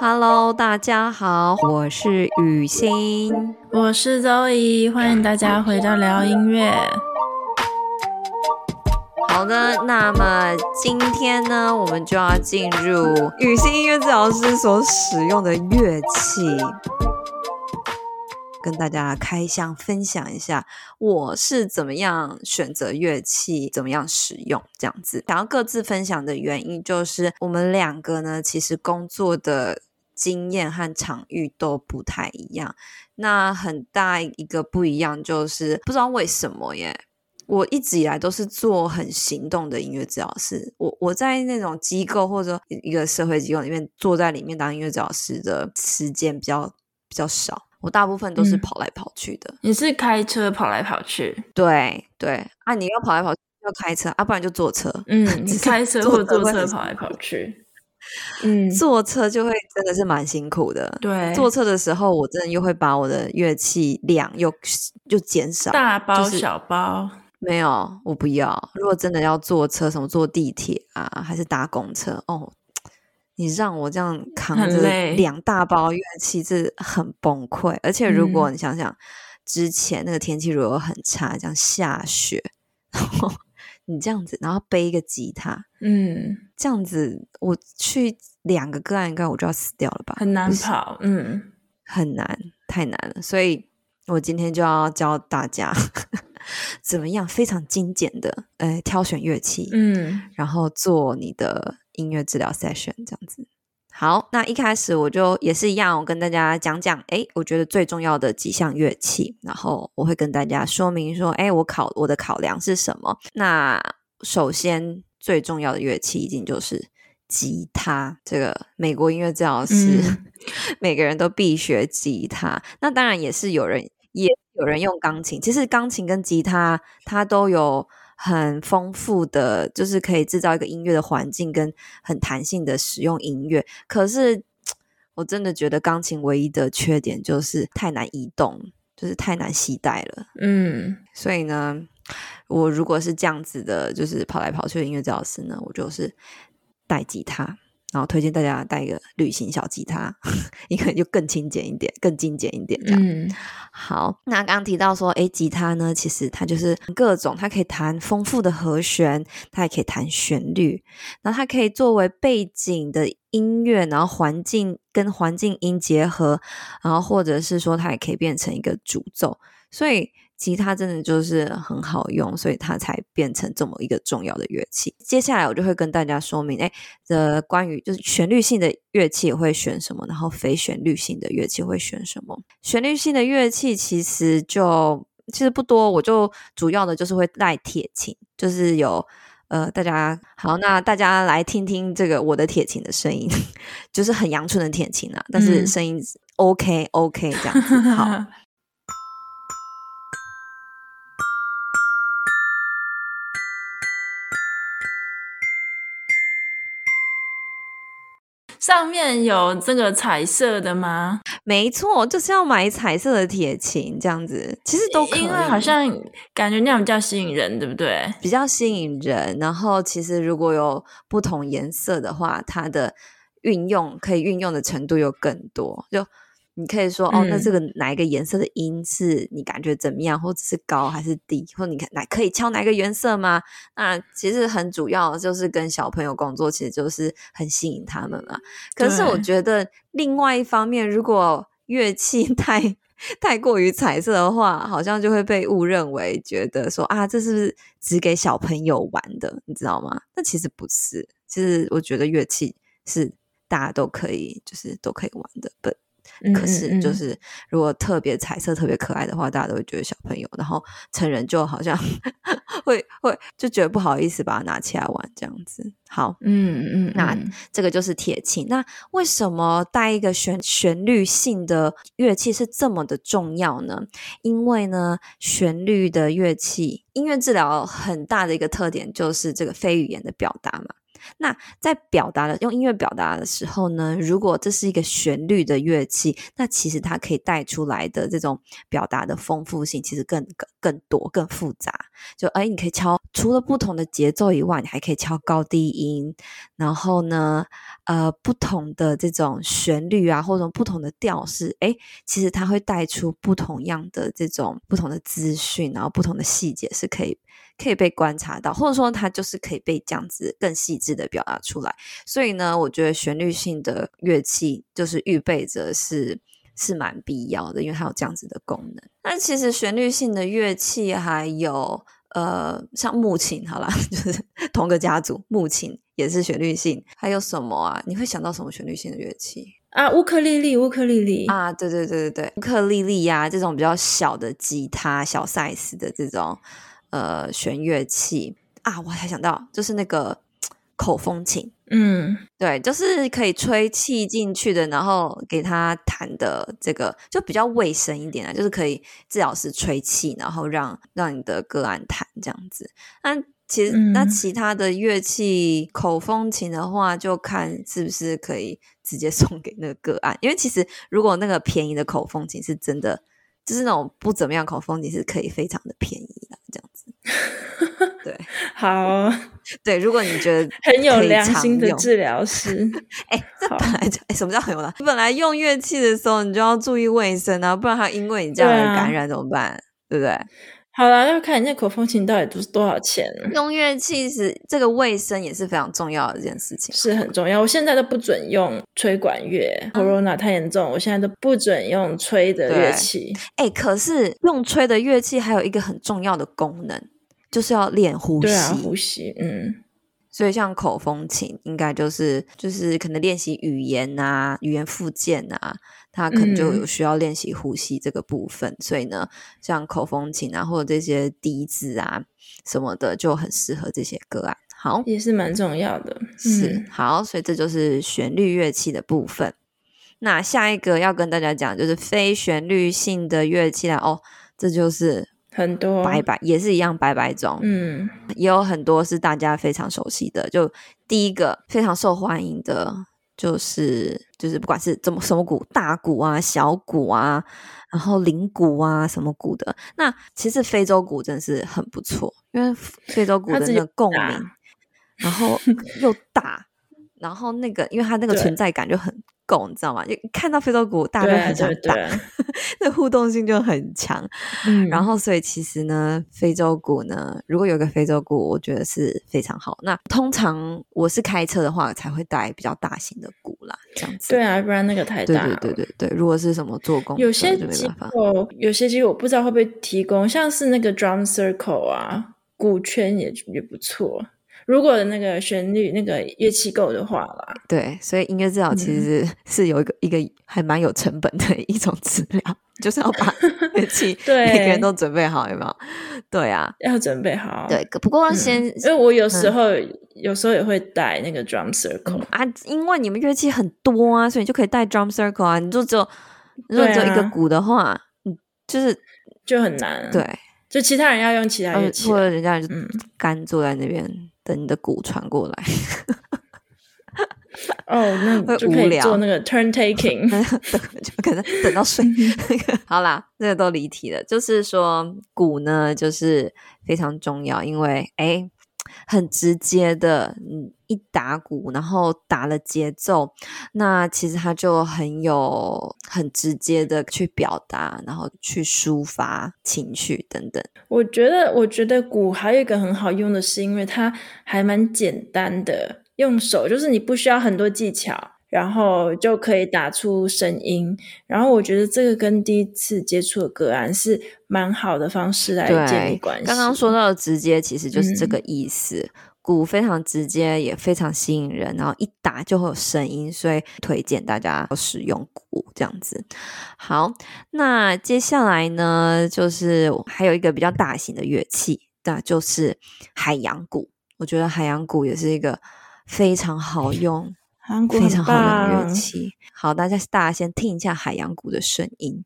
Hello，大家好，我是雨欣，我是周怡，歡迎大家回到療音樂。好的，那麼今天呢，我們就要進入雨欣音樂治療師所使用的樂器。跟大家來開箱分享一下，我是怎麼樣選擇樂器，怎麼樣使用，這樣子。想要各自分享的原因，就是我們兩個呢，其實工作的經驗和場域都不太一樣。那很大一個不一樣，就是不知道為什麼耶，我一直以來都是做很行動的音樂治療師。我我在那種機構或者說，一個社會機構裡面坐在裡面當音樂治療師的時間比較比較少。我大部分都是跑來跑去的。你、嗯、是開車跑來跑去？對對，啊，你要跑來跑去要開車啊，不然就坐車。嗯， 你開車或坐車，坐車跑來跑去。嗯，坐車就會真的是蠻辛苦的。對，坐車的時候我真的又會把我的樂器量又又減少，大包小包、就是、沒有，我不要。如果真的要坐車，什麼坐地鐵啊，還是搭公車哦。你讓我這樣扛着兩大包樂器，這很崩潰很累。而且如果你想想、嗯、之前那個天氣如果很差，這樣下雪然後，你這樣子，然後背一個吉他，嗯，這樣子我去兩個個案應該我就要死掉了吧？很難跑，嗯，很難，太難了。所以，我今天就要教大家呵呵怎麼樣非常精簡的，呃，挑選樂器，嗯，然後做你的。音樂治療 session 這樣子，好，那一開始我就也是一樣，我跟大家講講，哎，我覺得最重要的幾項樂器，然後我會跟大家說明說，哎，我考我的考量是什麼？那首先最重要的樂器一定就是吉他，這個美國音樂治療師、嗯、每個人都必學吉他，那當然也是有人也有人用鋼琴，其實鋼琴跟吉他它都有。很豐富的，就是可以製造一個音樂的環境，跟很彈性的使用音樂。可是，我真的覺得鋼琴唯一的缺點就是太難移動，就是太難攜帶了。嗯，所以呢，我如果是這樣子的，就是跑來跑去的音樂教師呢，我就是帶吉他。然後推薦大家帶一個旅行小吉他，應 該就更輕簡一點，更精簡一點。這樣，嗯，好。那剛剛提到說，哎，吉他呢，其實它就是各種，它可以彈豐富的和弦，它也可以彈旋律，然後它可以作為背景的音樂，然後環境跟環境音結合，然後或者是說它也可以變成一個主奏，所以。吉他真的就是很好用，所以它才變成這麼一個重要的樂器。接下來我就會跟大家說明，哎、欸，的關於就是旋律性的樂器會選什麼，然後非旋律性的樂器會選什麼。旋律性的樂器其實就其實不多，我就主要的就是會帶鐵琴，就是有呃，大家好，那大家來聽聽這個我的鐵琴的聲音， 就是很陽春的鐵琴啊，但是聲音 OK,、嗯、OK OK 這樣子好。 上面有這個彩色的嗎？沒錯，就是要買彩色的鐵琴這樣子，其實都可以。因為好像感覺那樣比較吸引人，對不對？比較吸引人。然後其實如果有不同顏色的話，它的運用可以運用的程度又更多。就你可以說，嗯，哦，那這個哪一個顏色的音是你感覺怎麼樣，或者是高還是低，或者你看哪可以敲哪一個顏色嗎？那，啊，其實很主要就是跟小朋友工作，其實就是很吸引他們了。可是我覺得另外一方面，如果樂器太太過於彩色的話，好像就會被誤認為覺得說啊，這是不是只給小朋友玩的？你知道嗎？那其實不是，其實我覺得樂器是大家都可以，就是都可以玩的本。可是，就是如果特別彩色、嗯嗯特別可愛的話，大家都會覺得小朋友，然後成人就好像 會會就覺得不好意思把它拿起來玩這樣子。好，嗯嗯，嗯，那這個就是鐵琴。那為什麼帶一個旋旋律性的樂器是這麼的重要呢？因為呢，旋律的樂器，音樂治療很大的一個特點就是這個非語言的表達嘛。那在表達的，用音樂表達的時候呢，如果這是一個旋律的樂器，那其實它可以帶出來的這種表達的豐富性，其實更更多、更複雜，就誒、欸，你可以敲除了不同的節奏以外，你還可以敲高低音，然後呢，呃，不同的這種旋律啊，或者不同的調式，誒、欸，其實它會帶出不同樣的這種不同的資訊，然後不同的細節是可以可以被觀察到，或者說它就是可以被這樣子更細緻的表達出來。所以呢，我覺得旋律性的樂器就是預備着是。是蠻必要的，因為它有這樣子的功能。那其實旋律性的樂器還有，呃，像木琴，好啦，就是同個家族，木琴也是旋律性。還有什麼啊？你會想到什麼旋律性的樂器啊？烏克麗麗，烏克麗麗啊，對對對對對，烏克麗麗呀，這種比較小的吉他、小 size 的這種呃弦樂器啊，我才想到，就是那個。口風琴，嗯，對，就是可以吹氣進去的，然後給他彈的這個就比較衛生一點啊，就是可以治療師吹氣，然後讓讓你的個案彈這樣子。那其實、嗯、那其他的樂器口風琴的話，就看是不是可以直接送給那個個案，因為其實如果那個便宜的口風琴是真的，就是那種不怎麼樣的口風琴是可以非常的便宜的、啊、這樣子。 對，好，對，如果你覺得很有良心的治療師，哎、 欸，這本來就哎、欸，什麼叫很有良心？本來用樂器的時候，你就要注意衛生啊，不然他因為你這樣感染怎麼辦？對、啊、對不對？好啦，那要看你那口風琴到底都是多少錢？用樂器是這個衛生也是非常重要的一件事情，是很重要。我現在都不准用吹管樂、嗯，Corona 太嚴重，我現在都不准用吹的樂器。哎、欸，可是用吹的樂器還有一個很重要的功能。就是要練呼吸，對啊，呼吸，嗯，所以像口風琴應該就是就是可能練習語言啊、語言復健啊，它可能就有需要練習呼吸這個部分。嗯、所以呢，像口風琴啊，或者這些笛子啊什麼的，就很適合這些歌啊。好，也是蠻重要的，是好。所以這就是旋律樂器的部分。嗯、那下一個要跟大家講就是非旋律性的樂器了。哦，這就是。很多白白也是一樣白白裝，嗯，也有很多是大家非常熟悉的。就第一個非常受歡迎的，就是就是不管是怎麼什麼鼓，大鼓啊、小鼓啊，然後鈴鼓啊什麼鼓的。那其實非洲鼓真是很不錯，因為非洲鼓的那個共鳴，然後又大， 然後那個因為它那個存在感就很。你知道嗎？就看到非洲鼓，大家都很想打，對啊對對啊 那互動性就很強。嗯、然後，所以其實呢，非洲鼓呢，如果有個非洲鼓，我覺得是非常好。那通常我是開車的話，才會帶比較大型的鼓啦，這樣子。對啊，不然那個太大。對對對對，如果是什麼做工，有些機構哦，有些機構我不知道會不會提供，像是那個 drum circle 啊，鼓圈也也不錯。如果那個旋律那個樂器夠的話啦，對，所以音樂治療其實是有一個、嗯、一個還蠻有成本的一種治療，就是要把樂器每個人都準備好， 對有沒有？對啊，要準備好。對，不過要先、嗯，因為我有時候、嗯、有時候也會帶那個 drum circle、嗯、啊，因為你們樂器很多啊，所以你就可以帶 drum circle 啊。你就只有、啊、如果只有一個鼓的話，就是就很難，對，就其他人要用其他樂器、啊，或者人家就乾、嗯、坐在那邊。等你的鼓傳過來，哦，那會無聊。做那個 turn taking， 無聊笑就可能等到睡。 好啦，那個都離題了。就是說，鼓呢，就是非常重要，因為哎。誒很直接的，嗯，一打鼓，然後打了節奏，那其實他就很有很直接的去表達，然後去抒發情緒等等。我覺得，我覺得鼓還有一個很好用的是，因為它還蠻簡單的，用手就是你不需要很多技巧。然後就可以打出聲音，然後我覺得這個跟第一次接觸的個案是蠻好的方式來建立關係。對，剛剛說到的直接，其實就是這個意思，嗯。鼓非常直接，也非常吸引人，然後一打就會有聲音，所以推薦大家要使用鼓這樣子。好，那接下來呢，就是還有一個比較大型的樂器，那就是海洋鼓。我覺得海洋鼓也是一個非常好用。 Uncle、非常好用的樂器，好，大家大家先聽一下海洋鼓的聲音。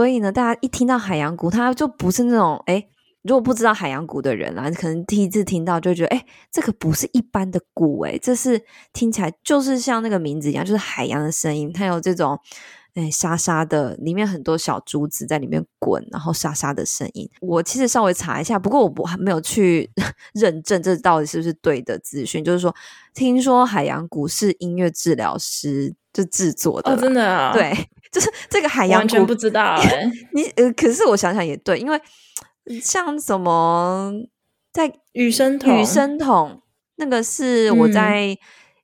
所以呢，大家一聽到海洋鼓，他就不是那種哎，如果不知道海洋鼓的人啦，可能第一次聽到就覺得哎，這個不是一般的鼓哎，欸，這是聽起來就是像那個名字一樣，就是海洋的聲音，它有這種哎沙沙的，裡面很多小珠子在裡面滾，然後沙沙的聲音。我其實稍微查一下，不過我不還沒有去認證這到底是不是對的資訊，就是說聽說海洋鼓是音樂治療師就制作的，哦，真的啊？對。就 是這個海洋鼓，不知道你、欸 呃、可是我想想也對，因為像什麼在雨、嗯、聲筒，雨聲筒那個是我在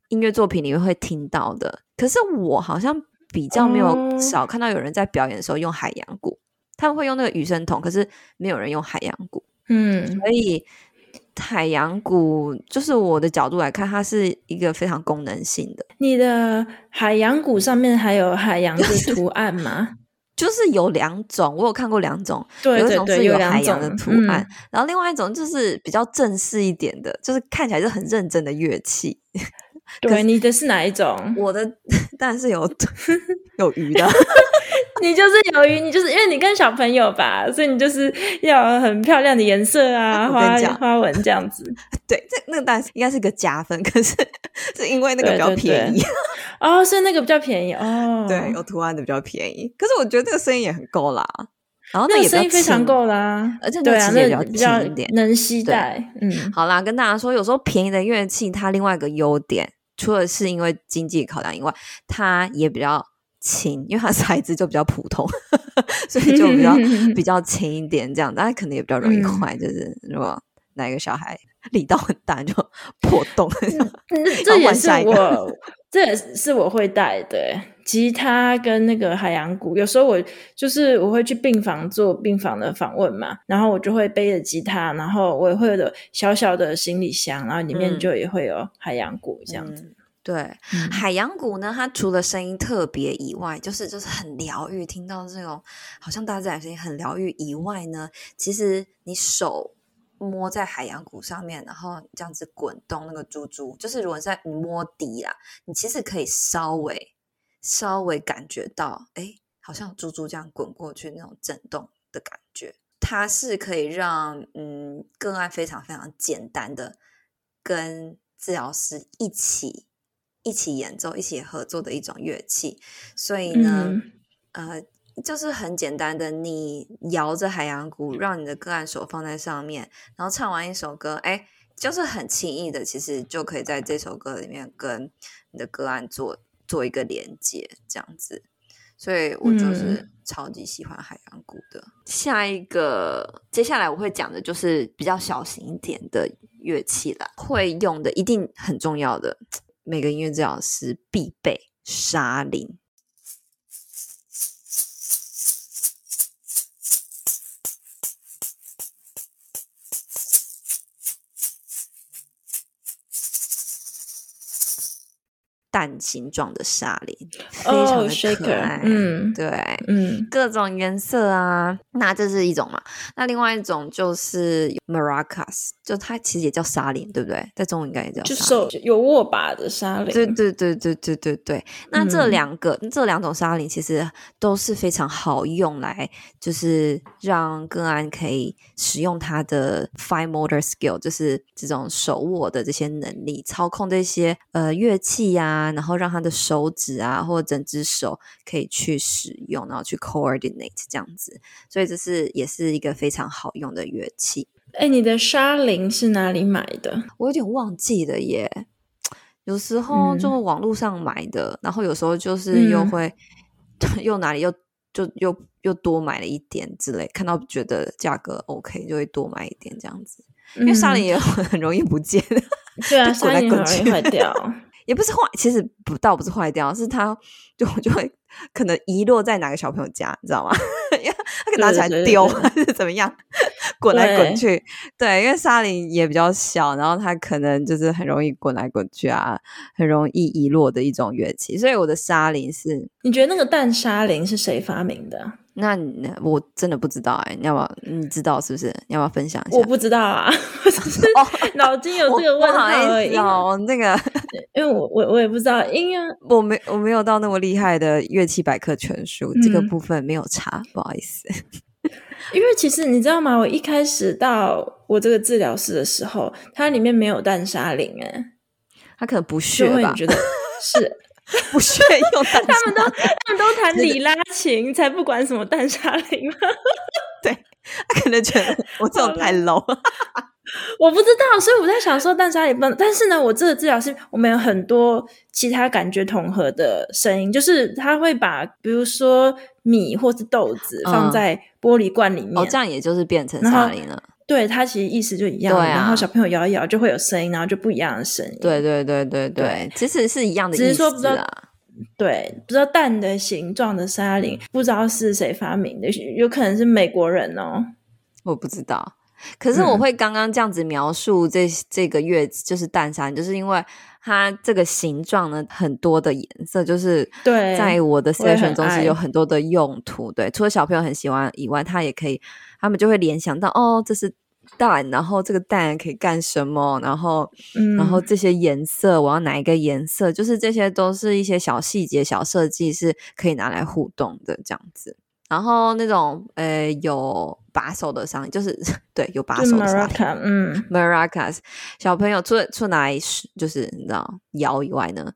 音樂作品裡面會聽到的、嗯，可是我好像比較沒有少看到有人在表演的時候用海洋鼓、嗯，他們會用那個雨聲筒，可是沒有人用海洋鼓，嗯，所以。海洋鼓，就是我的角度來看，它是一個非常功能性的。你的海洋鼓上面還有海洋的圖案嗎？ 就是有兩種，我有看過兩種，對對對，有一種是有海洋的圖案、嗯，然後另外一種就是比較正式一點的，就是看起來就很認真的樂器。 對可，你的是哪一種？我的當然是有有魚的 你有，你就是有魚，你就是因為你跟小朋友吧，所以你就是要很漂亮的顏色啊，花花紋這樣子。 對，這那個當然應該是個加分，可是是因為那個比較便宜哦，對對對 oh, 所以那個比較便宜哦。Oh. 對，有圖案的比較便宜，可是我覺得這個聲音也很夠啦，然後那個聲、那個、音非常夠啦，而且你其實也比較輕一點，啊那個、較能攜帶。嗯，好啦，跟大家說，有時候便宜的樂器它另外一個優點。除了是因為經濟考量以外，他也比較輕，因為他材質就比較普通，呵呵所以就比較、嗯、哼哼哼比較輕一點，這樣，但可能也比較容易壞。就是如果哪個小孩力道很大，就破洞。然後換下一個，嗯嗯、這也是我，我，這也是我會帶，對。吉他跟那個海洋鼓，有時候我就是我會去病房做病房的訪問嘛，然後我就會背着吉他，然後我也會有小小的行李箱，然後裡面就也會有海洋鼓這樣子。嗯嗯、對、嗯，海洋鼓呢，它除了聲音特別以外，就是就是很療癒，聽到這種好像大自然聲音很療癒以外呢，其實你手摸在海洋鼓上面，然後這樣子滾動那個珠珠，就是如果你在摸笛啊，你其實可以稍微。稍微感覺到，哎、欸，好像珠珠這樣滾過去那種震動的感覺，它是可以讓嗯個案非常非常簡單的跟治療師一起一起演奏，一起合作的一種樂器。所以呢，mm -hmm. 呃，就是很簡單的，你搖着海洋鼓，讓你的個案手放在上面，然後唱完一首歌，哎、欸，就是很輕易的，其實就可以在這首歌裡面跟你的個案做，做一個連接這樣子，所以我就是超級喜歡海洋鼓的，嗯。下一個，接下來我會講的就是比較小型一點的樂器啦，會用的一定很重要的，每個音樂治療師必備沙鈴。蛋形狀的沙鈴，非常的可愛。嗯、oh, shaker，對，嗯，各種顏色啊，那這是一種嘛？那另外一種就是 maracas。就它其實也叫沙鈴，對不對？在中文應該也叫。就是有握把的沙鈴。對,對對對對對對對。那這兩個、嗯、這兩種沙鈴其實都是非常好用來，就是讓個案可以使用他的 fine motor skill，就是這種手握的這些能力，操控這些呃樂器呀、啊，然後讓他的手指啊或者整只手可以去使用，然後去 coordinate 這樣子。所以這是也是一個非常好用的樂器。哎，你的沙鈴是哪裡買的？我有點忘記了耶。有時候就網絡上買的，嗯，然後有時候就是又會，嗯、又哪裡又就又又多買了一點之類，看到覺得價格 OK 就會多買一點這樣子。嗯，因為沙鈴也很容易不見，對啊，滾來滾去，沙鈴很容易壞掉。也不是壞，其實不倒不是壞掉，是它就就會可能遺落在哪個小朋友家，你知道嗎？ 他給拿起來丟，對對對對對，還是怎麼樣？滾來滾去對，對，因為沙鈴也比較小，然後它可能就是很容易滾來滾去啊，很容易遺落的一種樂器。所以我的沙鈴是，你覺得那個蛋沙鈴是誰發明的？那你我真的不知道哎、欸，你要不要？你知道是不是？你要不要分享一下？我不知道啊，我 腦筋有這個問題。哦，哦那個，因為我我我也不知道，因為、啊、我沒我沒有到那麼厲害的樂器百科全書、嗯，這個部分沒有查，不好意思。因為其實你知道嗎？我一開始到我這個治療室的時候，它裡面沒有蛋沙鈴誒、欸、他可能不屑吧？你覺得是 不屑用蛋沙鈴 他們都、他們都他們都彈里拉琴，才不管什麼蛋沙鈴。 對，他可能覺得我這種太 low。 我不知道，所以我在想說，蛋沙里崩，但是呢，我這個治療是我們有很多其他感覺統合的聲音，就是他會把比如說米或是豆子放在玻璃罐裡面，嗯、哦，這樣也就是變成沙鈴了。對，它其實意思就一樣。啊、然後小朋友搖一搖就會有聲音，然後就不一樣的聲音。對對對對對，對其實是一樣的意思、啊，只是說不知道。對，不知道蛋的形狀的沙鈴、嗯，不知道是誰發明的，有可能是美國人哦、喔，我不知道。可是我會剛剛這樣子描述這、嗯、這個月子，就是蛋沙，就是因為它這個形狀呢，很多的顏色，就是對，在我的 session 中是有很多的用途。對。對，除了小朋友很喜歡以外，他也可以，他們就會聯想到哦，這是蛋，然後這個蛋可以幹什麼？然後、嗯，然後這些顏色，我要哪一個顏色？就是這些都是一些小細節、小設計是可以拿來互動的這樣子。然後那種呃有把手的商，就是對有把手的商，Maraca，嗯，maracas 小朋友出出來是就是你知道搖以外呢，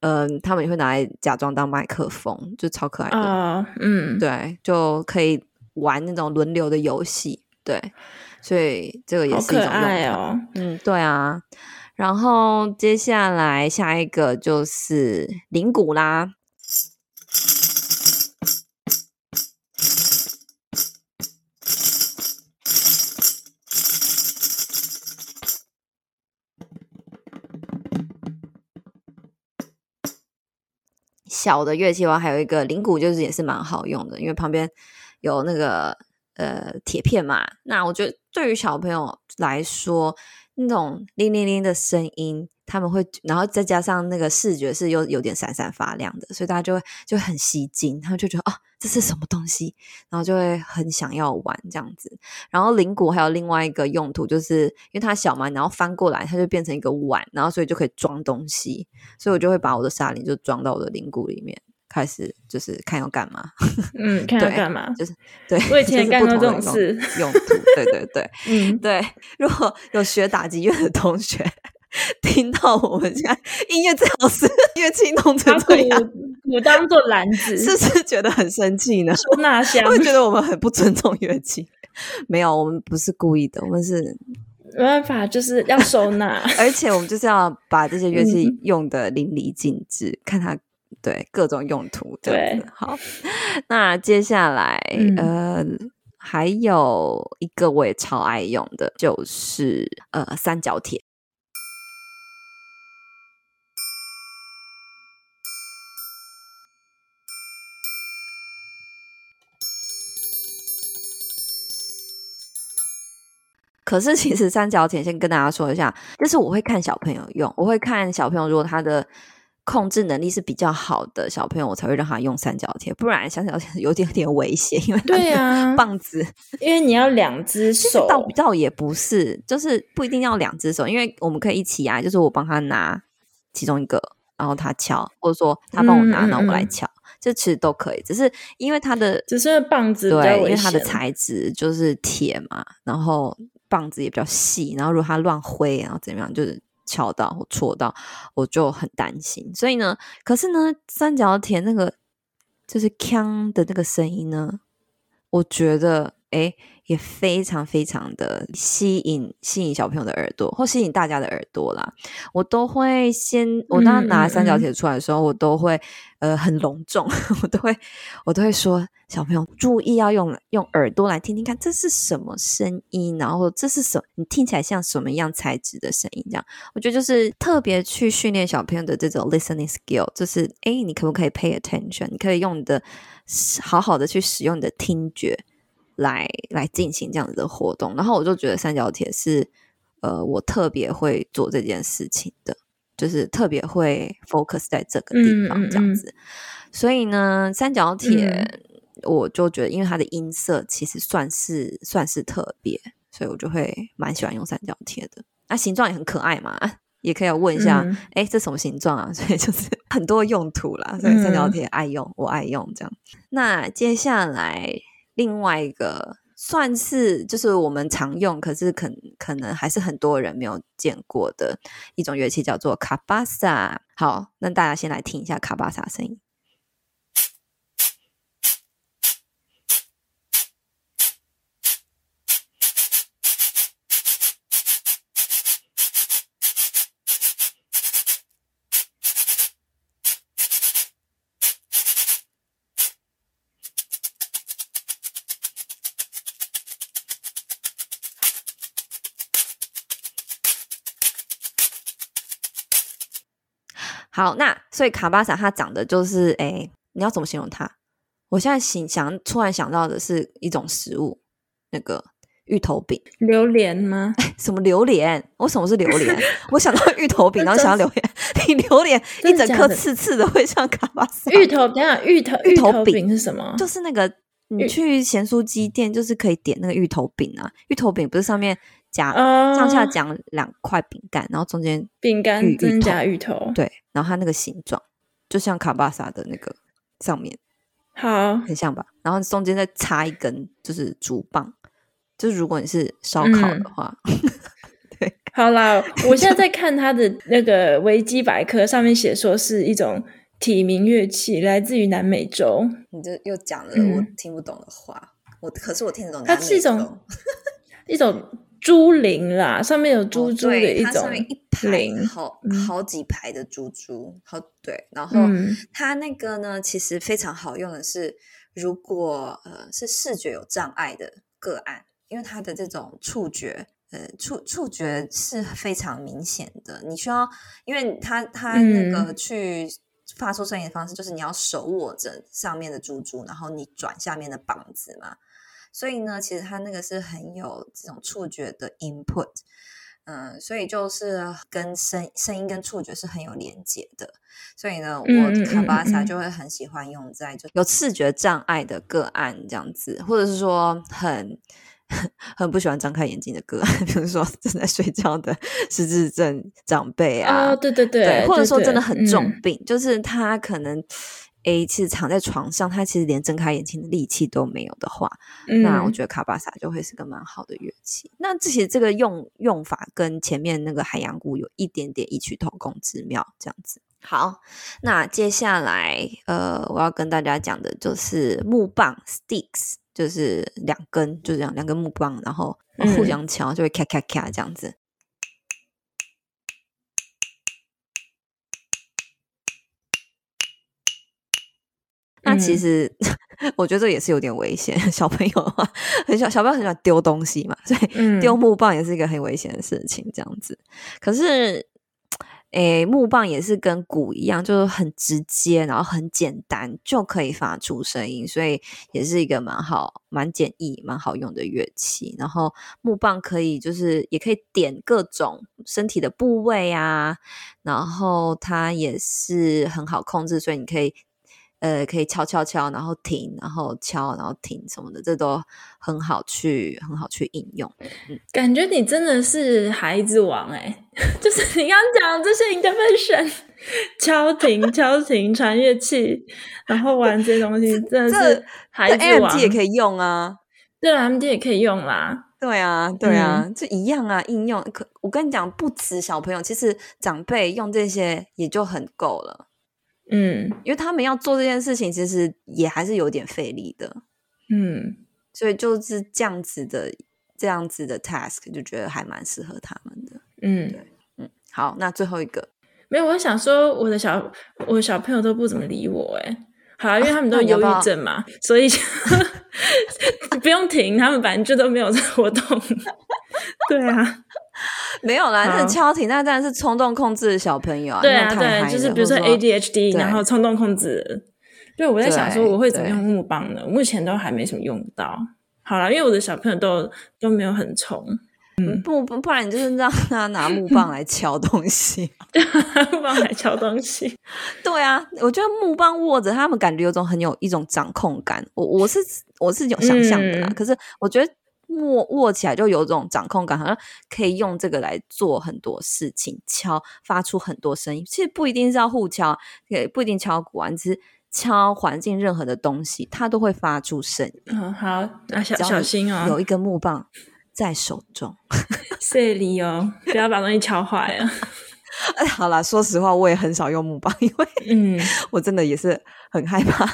嗯，他們也會拿來假裝當麥克風，就超可愛的，uh，嗯，對，就可以玩那種輪流的遊戲，對，所以這個也是一種用。好可愛哦，嗯，對啊，然後接下來下一個就是鈴鼓啦。小的樂器的話還有一個鈴鼓，就是也是蠻好用的，因為旁邊有那個呃鐵片嘛。那我覺得對於小朋友來說，那種鈴鈴鈴的聲音。他們會，然後再加上那個視覺是又有點閃閃發亮的，所以大家就會就很吸睛，然後就覺得啊、哦，這是什麼東西，然後就會很想要玩這樣子。然後鈴鼓還有另外一個用途，就是因為它小嘛，然後翻過來它就變成一個碗，然後所以就可以裝東西。所以我就會把我的沙鈴就裝到我的鈴鼓裡面，開始就是看要幹嘛。 嗯，看要幹嘛，就是對，我以前幹過這種事，就是、用途， 對對對，對、嗯，對。如果有學打擊樂的同學，聽到我們家音樂，最好是樂器弄成這樣子，我當做籃子，是不是覺得很生氣呢？收納箱，覺得我們很不尊重樂器。沒有，我們不是故意的，我們是沒辦法，就是要收納。而且我們就是要把這些樂器用得淋漓盡致，嗯、看它對各種用途。對，好，那接下來、嗯、呃還有一個我也超愛用的，就是呃三角鐵。可是其實三角鐵先跟大家說一下，但是我會看小朋友用，我會看小朋友如果他的控制能力是比較好的小朋友，我才會讓他用三角鐵，不然三角鐵有點有點危險，因為對啊棒子，啊、 因為你要兩隻手，倒倒也不是，就是不一定要兩隻手，因為我們可以一起啊，就是我幫他拿其中一個，然後他敲，或者說他幫我拿，嗯、然後我來敲，這、嗯、其實都可以，只是因為他的只是棒子，對，因為他的材質就是鐵嘛，然後。棒子也比較細，然後如果它亂揮，然後怎麼樣，就是敲到或戳到，我就很擔心。所以呢，可是呢，三角鐵那個就是鏘的那個聲音呢，我覺得。哎、欸，也非常非常的吸引吸引小朋友的耳朵，或吸引大家的耳朵啦。我都會先，我當拿三角鐵出來的時候，嗯、我都會呃很隆重，我都會我都會說，小朋友注意，要用用耳朵來聽聽看這是什麼聲音，然後這是什麼你聽起來像什麼樣材質的聲音？這樣，我覺得就是特別去訓練小朋友的這種 listening skill，就是哎、欸，你可不可以 pay attention？你可以用你的好好的去使用你的聽覺。來來進行這樣子的活動，然後我就覺得三角鐵是呃，我特別會做這件事情的，就是特別會 focus 在這個地方這樣子。嗯嗯、所以呢，三角鐵我就覺得，因為它的音色其實算是、嗯、算是特別，所以我就會蠻喜歡用三角鐵的。那形狀也很可愛嘛，也可以問一下，誒、嗯，這什麼形狀啊？所以就是很多用途啦。所以三角鐵愛用、嗯，我愛用這樣。那接下來。另外一個算是就是我們常用，可是可可能還是很多人沒有見過的一種樂器，叫做卡巴薩。好，那大家先來聽一下卡巴薩的聲音。好，那所以卡巴薩它長得就是哎，你要怎麼形容它？我現在想想，突然想到的是一種食物，那個芋頭餅，榴蓮嗎？哎，什麼榴蓮？為什麼是榴蓮？ 我想到芋頭餅， 然後想到榴蓮， 你榴蓮的的一整顆刺刺的，會像卡巴薩芋頭。等下芋頭芋頭，芋頭餅是什麼？就是那個你去鹹酥雞店，就是可以點那個芋頭餅啊。芋頭餅不是上面。夾、哦、上下夾兩塊餅乾，然後中間餅乾加芋頭，對，然後它那個形狀就像卡巴薩的那個上面，好，很像吧？然後中間再插一根就是竹棒，就是如果你是燒烤的話、嗯 對，好啦，我現在在看它的那個維基百科，上面寫說是一種體鳴樂器，來自於南美洲。你就又講了我聽不懂的話，嗯、我可是我聽得懂，它是一種 一種。珠鈴啦，上面有珠珠的一種、oh,，它上面一排好好，好幾排的珠珠，好，對。然後、嗯、它那個呢，其實非常好用的是，如果呃是視覺有障礙的個案，因為它的這種觸覺，呃觸觸覺是非常明顯的。你需要，因為它它那個去發出聲音的方式，嗯、就是你要手握着上面的珠珠，然後你轉下面的棒子嘛。所以呢，其實他那個是很有這種觸覺的 input，嗯、呃，所以就是跟聲聲音跟觸覺是很有連接的。所以呢，我卡巴薩就會很喜歡用在就有視覺障礙的個案這樣子，或者是說很很不喜歡張開眼睛的個案，比如說正在睡覺的失智症長輩啊，哦、對對對，對，或者說真的很重病，對對對嗯、就是他可能。欸其實躺在床上，他其實連睜開眼睛的力氣都沒有的話，嗯、那我覺得卡巴薩就會是個蠻好的樂器。那這些這個用用法跟前面那個海洋鼓有一點點異曲同工之妙，這樣子。好，那接下來呃，我要跟大家講的就是木棒 sticks，就是兩根就這樣兩根木棒，然後互相敲就會咔咔咔這樣子。其實、嗯、我覺得這也是有點危險。小朋友的話，很小，小朋友很喜歡丟東西嘛，所以丟木棒也是一個很危險的事情。這樣子。可是，誒、欸，木棒也是跟鼓一樣，就是很直接，然後很簡單就可以發出聲音，所以也是一個蠻好、蠻簡易、蠻好用的樂器。然後木棒可以就是也可以點各種身體的部位啊，然後它也是很好控制，所以你可以。呃，可以敲敲敲，然後停，然後敲，然後停什麼的，這都很好去，很好去應用。嗯、感覺你真的是孩子王誒、欸。 就是你剛,剛講的這些，intervention 敲 停敲停，傳樂器， 然後玩這些東西， 這東西真的是孩子王這這也可以用啊，這 M D 也,、啊、也可以用啦，對啊，對啊，這、嗯、一樣啊，應用可我跟你講，不止小朋友，其實長輩用這些也就很夠了。嗯，因為他們要做這件事情，其實也還是有點費力的。嗯，所以就是這樣子的，這樣子的 task 就覺得還蠻適合他們的。嗯嗯，好，那最後一個沒有，我想說我的小我小朋友都不怎麼理我、欸，誒好啊，因為他們都有憂鬱症嘛，啊、所以 不用停，他們反正就都沒有在活動。 對啊。沒有啦，那敲停。那當然是衝動控制的小朋友啊。對啊，對，就是比如說 ADHD，然後衝動控制。對，對我在想說我會怎麼用木棒呢？目前都還沒什麼用到。好啦，因為我的小朋友都都沒有很衝。嗯，不不，不然你就是讓他拿木棒來敲東西， 木棒來敲東西。 對啊，我覺得木棒握着，他們感覺有種很有一種掌控感。我我是我是有想象的啦、嗯，可是我覺得。握握起來就有這種掌控感，好像可以用這個來做很多事情，敲發出很多聲音。其實不一定是要互敲，也不一定敲鼓啊，只是敲環境任何的東西，它都會發出聲音。好啊，小心啊、喔，有一根木棒在手中，謝謝你哦，不要把東西敲壞了。 哎，好了，說實話，我也很少用木棒，因為嗯，我真的也是很害怕。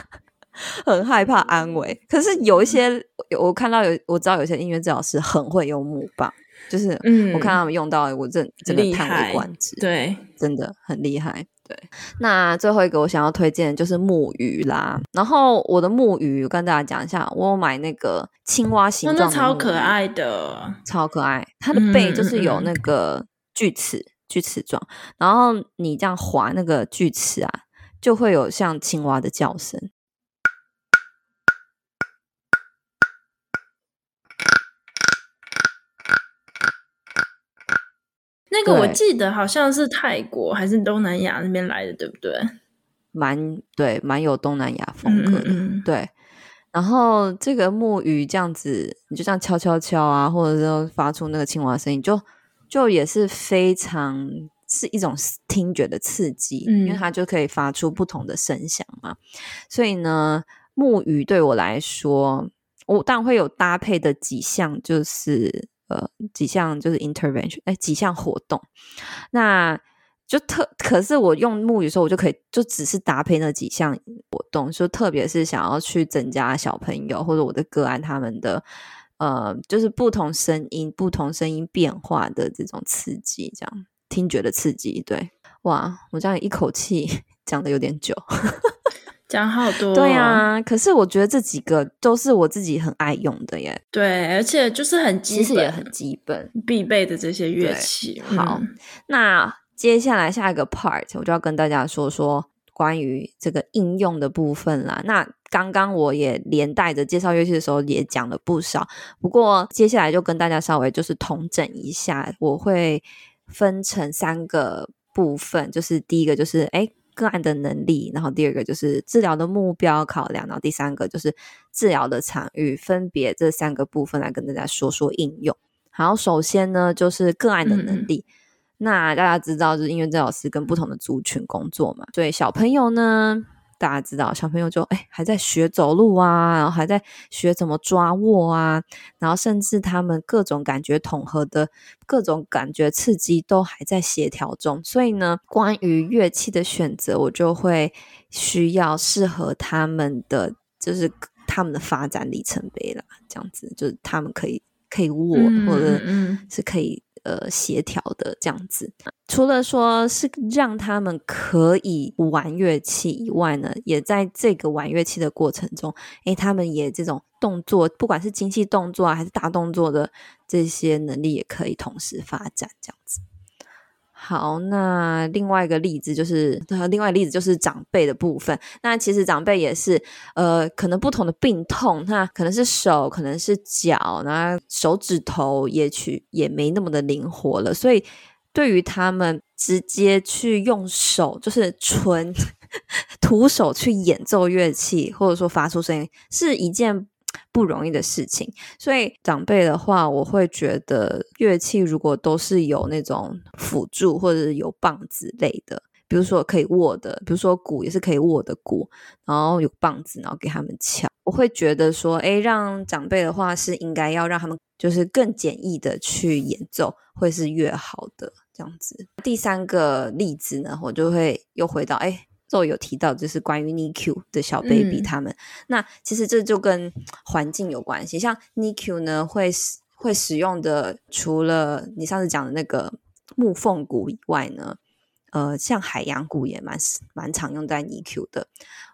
很害怕安慰，可是有一些，我看到有我知道有些音樂治療師很會用木棒、嗯，就是，我看他們用到我這，我、嗯、真真的嘆為觀止，對，真的很厲害。對，那最後一個我想要推薦就是木魚啦。然後我的木魚，我跟大家講一下，我有買那個青蛙形狀，那那超可愛的、哦，超可愛。它的背就是有那個鋸齒，鋸齒狀，然後你這樣劃那個鋸齒啊，就會有像青蛙的叫聲。那個我記得好像是泰國、還是東南亞那邊來的，對不對？蠻對，蠻有東南亞風格的。嗯嗯對，然後這個木魚這樣子，你就這樣敲敲敲啊，或者說發出那個青蛙聲音，就就也是非常是一種聽覺的刺激，嗯，因為它就可以發出不同的聲響嘛。所以呢，木魚對我來說，我當然會有搭配的幾項，就是。呃，幾項就是 intervention，哎，幾項活動，那就特可是我用木魚的時候，我就可以就只是搭配那幾項活動，就特別是想要去增加小朋友或者我的個案他們的呃，就是不同聲音、不同聲音變化的這種刺激，這樣聽覺的刺激。對，哇，我這樣一口氣講得有點久。 講好多對呀、啊，可是我覺得這幾個都是我自己很愛用的耶。對，而且就是很基本，其實也很基本必備的這些樂器、嗯。好，那接下來下一個 part，我就要跟大家說說關於這個應用的部分啦。那剛剛我也連帶着介紹樂器的時候也講了不少，不過接下來就跟大家稍微就是統整一下，我會分成三個部分，就是第一個就是哎。誒個案的能力，然後第二個就是治療的目標考量，然後第三個就是治療的場域，分別這三個部分來跟大家說說應用。好，首先呢就是個案的能力，嗯、那大家知道就是因為音樂治療師跟不同的族群工作嘛，對小朋友呢。大家知道，小朋友就哎、欸、還在學走路啊，然後還在學怎麼抓握啊，然後甚至他們各種感覺統合的各種感覺刺激都還在協調中。所以呢，關於樂器的選擇，我就會需要適合他們的，就是他們的發展里程碑了。這樣子就是他們可以可以握、嗯，或者是可以。呃，協調的這樣子，除了說是讓他們可以玩樂器以外呢，也在這個玩樂器的過程中，誒、欸，他們也這種動作，不管是精細動作啊，還是大動作的這些能力，也可以同時發展這樣子。好，那另外一個例子就是，另外一個例子就是長輩的部分。那其實長輩也是，呃，可能不同的病痛，那可能是手，可能是腳，然後手指頭也許也沒那麼的靈活了。所以，對於他們直接去用手，就是純徒手去演奏樂器，或者說發出聲音，是一件不容易的事情，所以長輩的話，我會覺得樂器如果都是有那種輔助或者是有棒子類的，比如說可以握的，比如說鼓也是可以握的鼓，然後有棒子，然後給他們敲。我會覺得說，哎，讓長輩的話是應該要讓他們就是更簡易的去演奏，會是越好的，這樣子。第三個例子呢，我就會又回到哎。都有提到，就是關於 NICU 的小 baby 他們、嗯。那其實這就跟環境有關係。像 NICU 呢，會會使用的除了你上次講的那個木縫鼓以外呢，呃，像海洋鼓也蠻蠻常用在 NICU 的。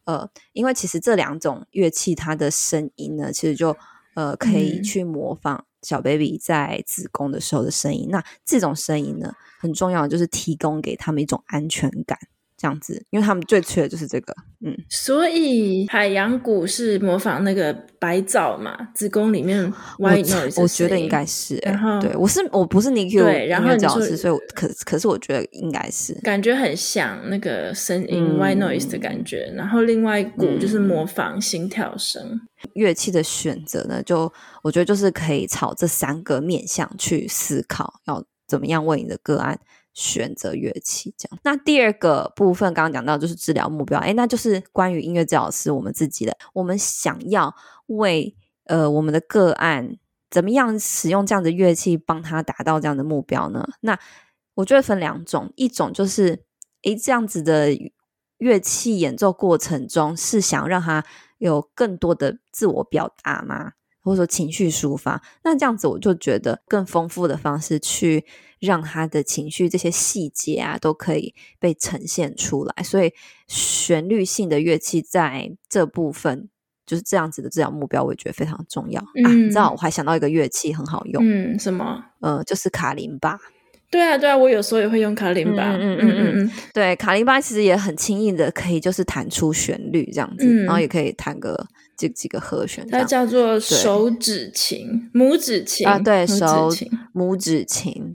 呃，因為其實這兩種樂器它的聲音呢，其實就呃可以去模仿小 baby 在子宮的時候的聲音、嗯。那這種聲音呢，很重要的就是提供給他們一種安全感。這樣子，因為他們最缺的就是這個，嗯。所以海洋鼓是模仿那個白噪嘛，子宮裡面 white noise，我，我覺得應該是、欸。對我是，我不是你，對，然後你是，所以我可是可是我覺得應該是，感覺很像那個聲音 white、嗯、noise 的感覺。然後另外鼓就是模仿心跳聲。樂、嗯、器的選擇呢，就我覺得就是可以朝這三個面向去思考，要怎麼樣為你的個案。選擇樂器，這樣。那第二個部分，剛剛講到就是治療目標，誒，那就是關於音樂治療師我們自己的，我們想要為呃我們的個案怎麼樣使用這樣的樂器，幫他達到這樣的目標呢？那我覺得分兩種，一種就是，誒，這樣子的樂器演奏過程中是想讓他有更多的自我表達嗎？或者說情緒抒發，那這樣子我就覺得更豐富的方式去讓他的情緒這些細節啊都可以被呈現出來。所以旋律性的樂器在這部分就是這樣子的治療目標，我也覺得非常重要。嗯、啊。你知道我還想到一個樂器很好用，嗯，什麼？呃，就是卡林巴。對啊，對啊，我有時候也會用卡林巴。嗯嗯嗯嗯嗯，對，卡林巴其實也很輕易的可以就是彈出旋律這樣子，嗯、然後也可以彈個。這幾個和弦，它叫做手指琴、拇指琴啊，對，手指琴、拇指琴。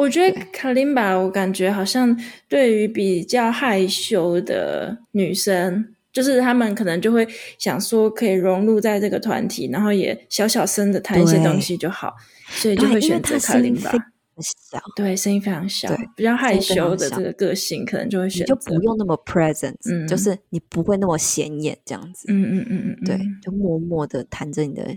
我覺得卡琳巴，我感覺好像對於比較害羞的女生，就是她們可能就會想說可以融入在這個團體，然後也小小聲的彈一些東西就好，所以就會選擇卡琳巴。小，對，小對，聲音非常小，比較害羞的這個個性，可能就會選擇，就不用那麼 present，、嗯、就是你不會那麼顯眼這樣子。嗯嗯嗯嗯，對，就默默的彈着你的。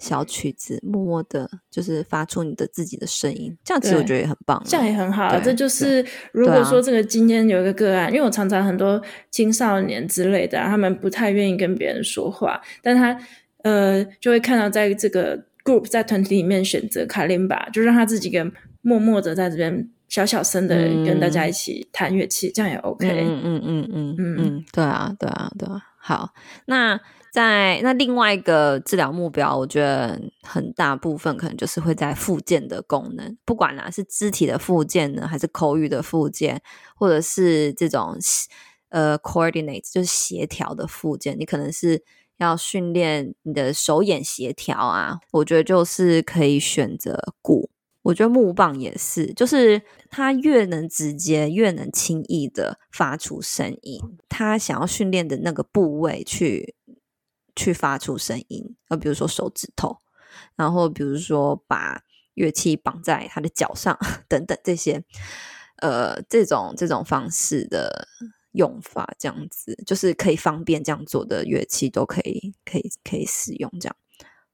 小曲子，默默的，就是發出你的自己的聲音，這樣子我覺得也很棒，這樣也很好。這就是如果說這個今天有一個個案、啊，因為我常常很多青少年之類的，他們不太願意跟別人說話，但他呃就會看到在這個 group 在團體裡面選擇卡林巴，就讓他自己跟默默的在這邊小小聲的跟大家一起彈樂器，嗯，這樣也 OK 嗯。嗯嗯嗯嗯嗯嗯，對啊對啊對啊。對啊。好，那在那另外一個治療目標，我覺得很大部分可能就是會在復健的功能，不管啊是肢體的復健呢，還是口語的復健，或者是這種呃 coordinate 就是協調的復健，你可能是要訓練你的手眼協調啊，我覺得就是可以選擇鼓。我覺得木棒也是，就是它越能直接，越能輕易的發出聲音。他想要訓練的那個部位去去發出聲音，呃，比如說手指頭，然後比如說把樂器綁在他的腳上等等這些，呃，這種這種方式的用法，這樣子就是可以方便這樣做的樂器都可以，可以可以使用這樣。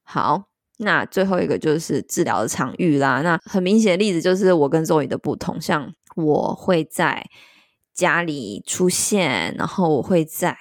好。那最後一個就是治療的場域啦。那很明顯的例子就是我跟 Zoe 的不同，像我會在家裡出現，然後我會在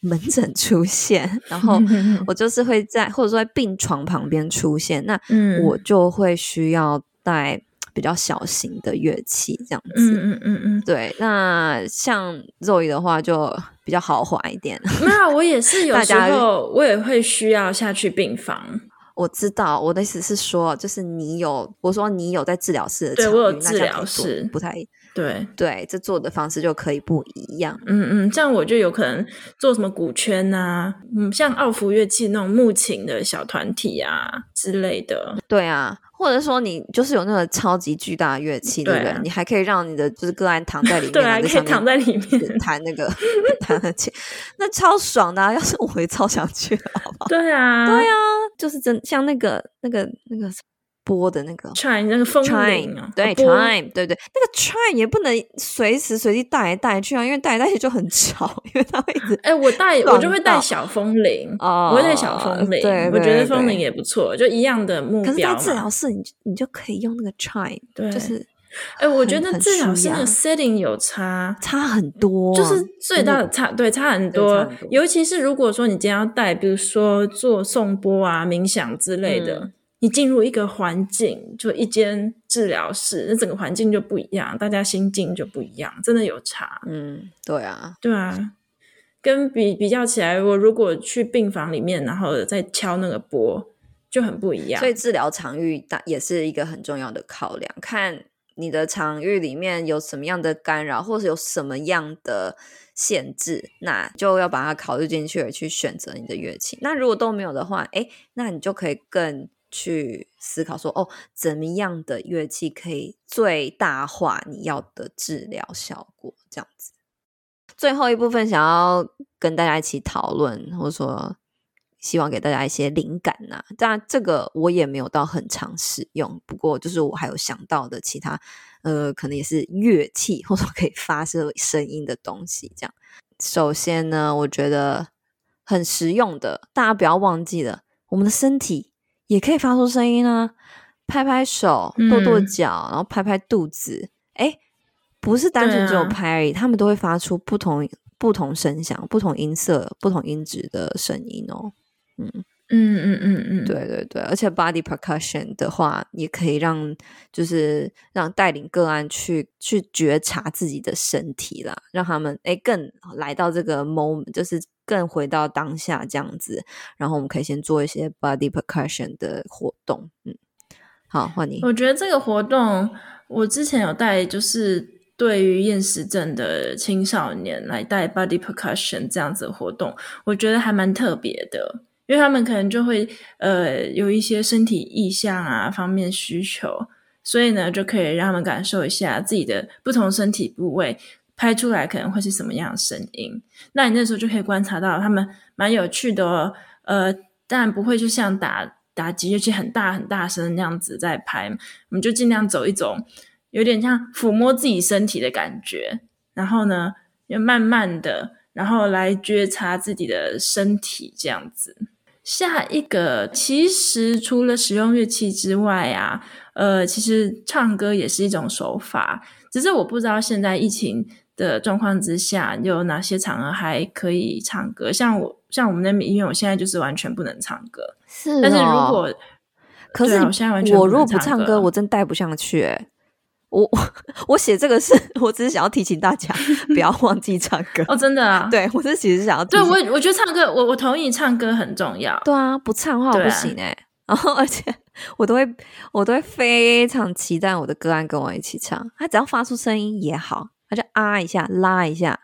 門診出現，然後我就是會在 或者說在病床旁邊出現。那我就會需要帶比較小型的樂器這樣子。嗯嗯嗯嗯，對。那像 Zoe 的話就比較豪華一點。 那我也是有時候我也會需要下去病房。我知道，我的意思是說，就是你有，我說你有在治療室的，對我有治療，那治療室不太對對，這做的方式就可以不一樣。嗯嗯，像我就有可能做什麼鼓圈啊，嗯，像奧福樂器那種木琴的小團體啊之類的。對啊。或者說你就是有那個超級巨大的樂器，那個，對不、啊、對？你還可以讓你的就是個案躺在裡面， 對啊，可以躺在裡面彈那個彈樂器。 那超爽的、啊。要是我也超想去，好不好？對啊，對啊，就是真像那個那個那個。那個播的那個，對，那個風鈴啊，chime, 對，chime，對，對對，那個 chime 也不能隨時隨地帶來帶去啊，因為帶來帶去就很吵，因為它會一直。哎、欸，我帶我就會帶小風鈴啊，oh, 我會帶小風鈴，對、對、對、對，我覺得風鈴也不錯，就一樣的目標嘛，可是，在治療室你你就可以用那個 chime，對，就是。哎、欸，我覺得那治療室的 setting 有差，差很多、啊，就是最大的差、嗯、對，差很、對差，很差很多，尤其是如果說你今天要帶，比如說做頌缽啊、冥想之類的。嗯你進入一個環境，就一間治療室，那整個環境就不一樣，大家心境就不一樣，真的有差。嗯，對啊，對啊，跟比比較起來，我如果去病房裡面，然後再敲那個缽，就很不一樣。所以治療場域也是一個很重要的考量，看你的場域裡面有什麼樣的干擾，或者有什麼樣的限制，那就要把它考慮進去，去選擇你的樂器。那如果都沒有的話，哎、欸，那你就可以更。去思考說哦，怎麼樣的樂器可以最大化你要的治療效果？這樣子，最後一部分想要跟大家一起討論，或者說希望給大家一些靈感吶、啊。但這個我也沒有到很常使用，不過就是我還有想到的其他呃，可能也是樂器或者說可以發聲聲音的東西。這樣，首先呢，我覺得很實用的，大家不要忘記了，我們的身體。也可以發出聲音啊，拍拍手、跺跺腳，然後拍拍肚子。誒、嗯欸，不是單純只有拍而已、啊，他們都會發出不同、不同聲響、不同音色、不同音質的聲音哦。嗯嗯嗯嗯嗯，對對對，而且 body percussion 的話，也可以讓就是讓帶領個案去去覺察自己的身體啦，讓他們誒、欸、更來到這個 moment，就是。更回到當下這樣子，然後我們可以先做一些 body percussion 的活動。嗯，好，換你。我覺得這個活動，我之前有帶，就是對於厭食症的青少年來帶 body percussion 這樣子的活動，我覺得還蠻特別的，因為他們可能就會呃有一些身體意象啊方面需求，所以呢，就可以讓他們感受一下自己的不同身體部位。拍出來可能會是什麼樣的聲音？那你那時候就可以觀察到他們蠻有趣的哦。呃，當然不會就像打打擊樂器很大很大聲那樣子在拍，我們就儘量走一種有點像撫摸自己身體的感覺。然後呢，又慢慢的，然後來覺察自己的身體這樣子。下一個，其實除了使用樂器之外啊，呃，其實唱歌也是一種手法，只是我不知道現在疫情。的狀況之下，就有哪些場合還可以唱歌？像我，像我們那邊因為我現在就是完全不能唱歌。是、哦，但是如果可是我如果不唱歌，我真帶不上去、欸。哎，我我我寫這個是我只是想要提醒大家 不要忘記唱歌。哦，真的啊，對我是其實想要提醒對我我覺得唱歌，我我同意唱歌很重要。對啊，不唱的話我不行哎、欸啊。然後而且我都會我都會非常期待我的個案跟我一起唱，他只要發出聲音也好。他就啊一下拉一下，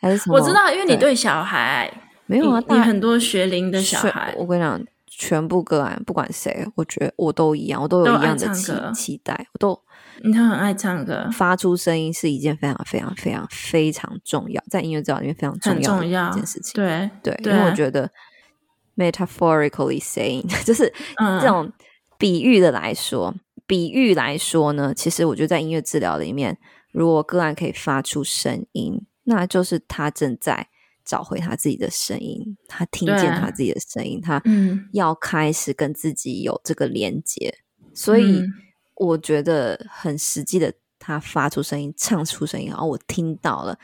還是什麼？我知道，因為你對小孩沒有啊，你很多學齡的小孩。我跟你講，全部個案不管誰，我覺得我都一樣，我都有一樣的期期待。我都，他很愛唱歌，發出聲音是一件非常非常、非常非常非常非常重要，在音樂治療裡面非常重要的一件事情。對對、對，因為我覺得 metaphorically saying 就是這種比喻的來說、嗯，比喻來說呢，其實我覺得在音樂治療裡面。.如果個案可以發出聲音，那就是他正在找回他自己的聲音，他聽見他自己的聲音，他要開始跟自己有這個連接、嗯。所以我覺得很實際的，他發出聲音，唱出聲音，然後我聽到了，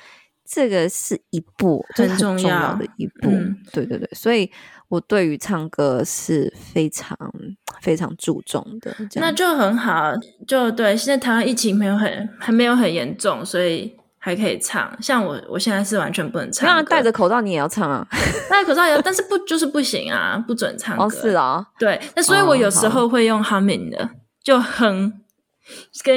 這個是一步很重，很重要的一步、嗯。對對對，所以。我對於唱歌是非常非常注重的，那就很好。就對，現在台灣疫情沒有很還沒有很嚴重，所以還可以唱。像我，我現在是完全不能唱。戴着口罩你也要唱啊？戴口罩也要， 但是不就是不行啊？不准唱歌。哦，是哦。對，那所以我有時候會用 humming 的，哦、就哼。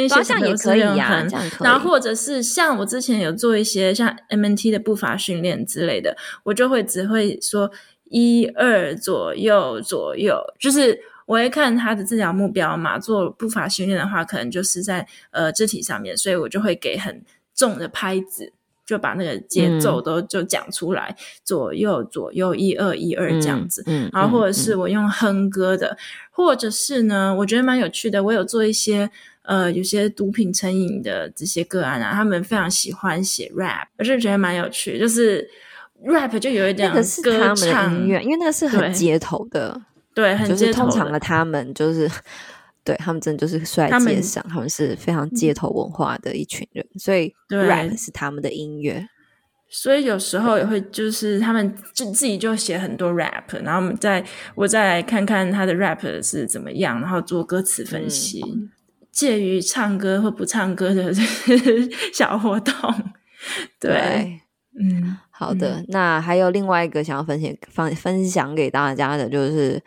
方像也可以哼、啊，然後或者是像我之前有做一些像 M N T 的步伐訓練之類的，我就會只會說。一二左右左右，就是我會看他的治療目標嘛。做步伐訓練的話，可能就是在呃肢體上面，所以我就會給很重的拍子，就把那個節奏都就講出來、嗯，左右左右一二一二這樣子、嗯嗯。然後或者是我用哼歌的，嗯嗯嗯、或者是呢，我覺得蠻有趣的。我有做一些呃有些毒品成癮的這些個案啊，他們非常喜歡寫 rap，我就覺得蠻有趣，就是。rap 就有一點歌唱，那個、是他們的音樂，因為那個是很街頭的，對，很就是通常的他們就是對，對他們真的就是帥街上他，他們是非常街頭文化的一群人，對所以 rap 是他們的音樂。所以有時候也會就是他們就自己就寫很多 rap，然後我們再我再來看看他的 rap 是怎麼樣，然後做歌詞分析，嗯、介於唱歌或不唱歌的小活動，對，對嗯。好的、嗯，那還有另外一個想要分享，放分享給大家的，就是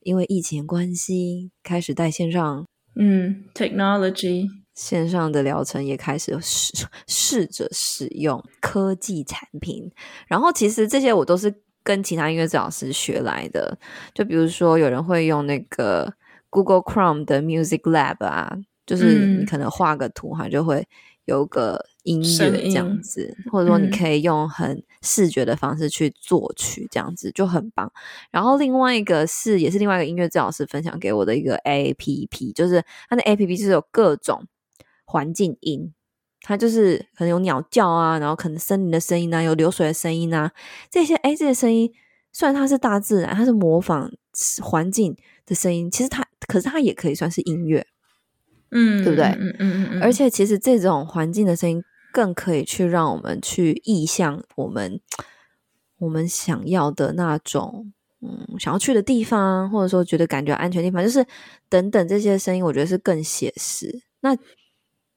因為疫情關係，開始在線上，嗯，technology 線上的療程也開始試試着使用科技產品。然後其實這些我都是跟其他音樂治療師學來的，就比如說有人會用那個 Google Chrome 的 Music Lab 啊，就是你可能畫個圖哈、嗯，就會有個。音樂這樣子，嗯，或者說你可以用很視覺的方式去作曲，這樣子就很棒。然後另外一個是，也是另外一個音樂治療師分享給我的一個 APP，就是它的 APP 就是有各種環境音，它就是可能有鳥叫啊，然後可能森林的聲音啊，有流水的聲音啊，這些哎這些聲音，雖然它是大自然，它是模仿環境的聲音，其實它可是它也可以算是音樂，嗯，嗯，嗯，嗯，嗯，對不對？嗯嗯嗯嗯，而且其實這種環境的聲音。更可以去讓我們去意向我們我們想要的那種，嗯，想要去的地方，或者說覺得感覺安全地方，就是等等這些聲音，我覺得是更寫實。那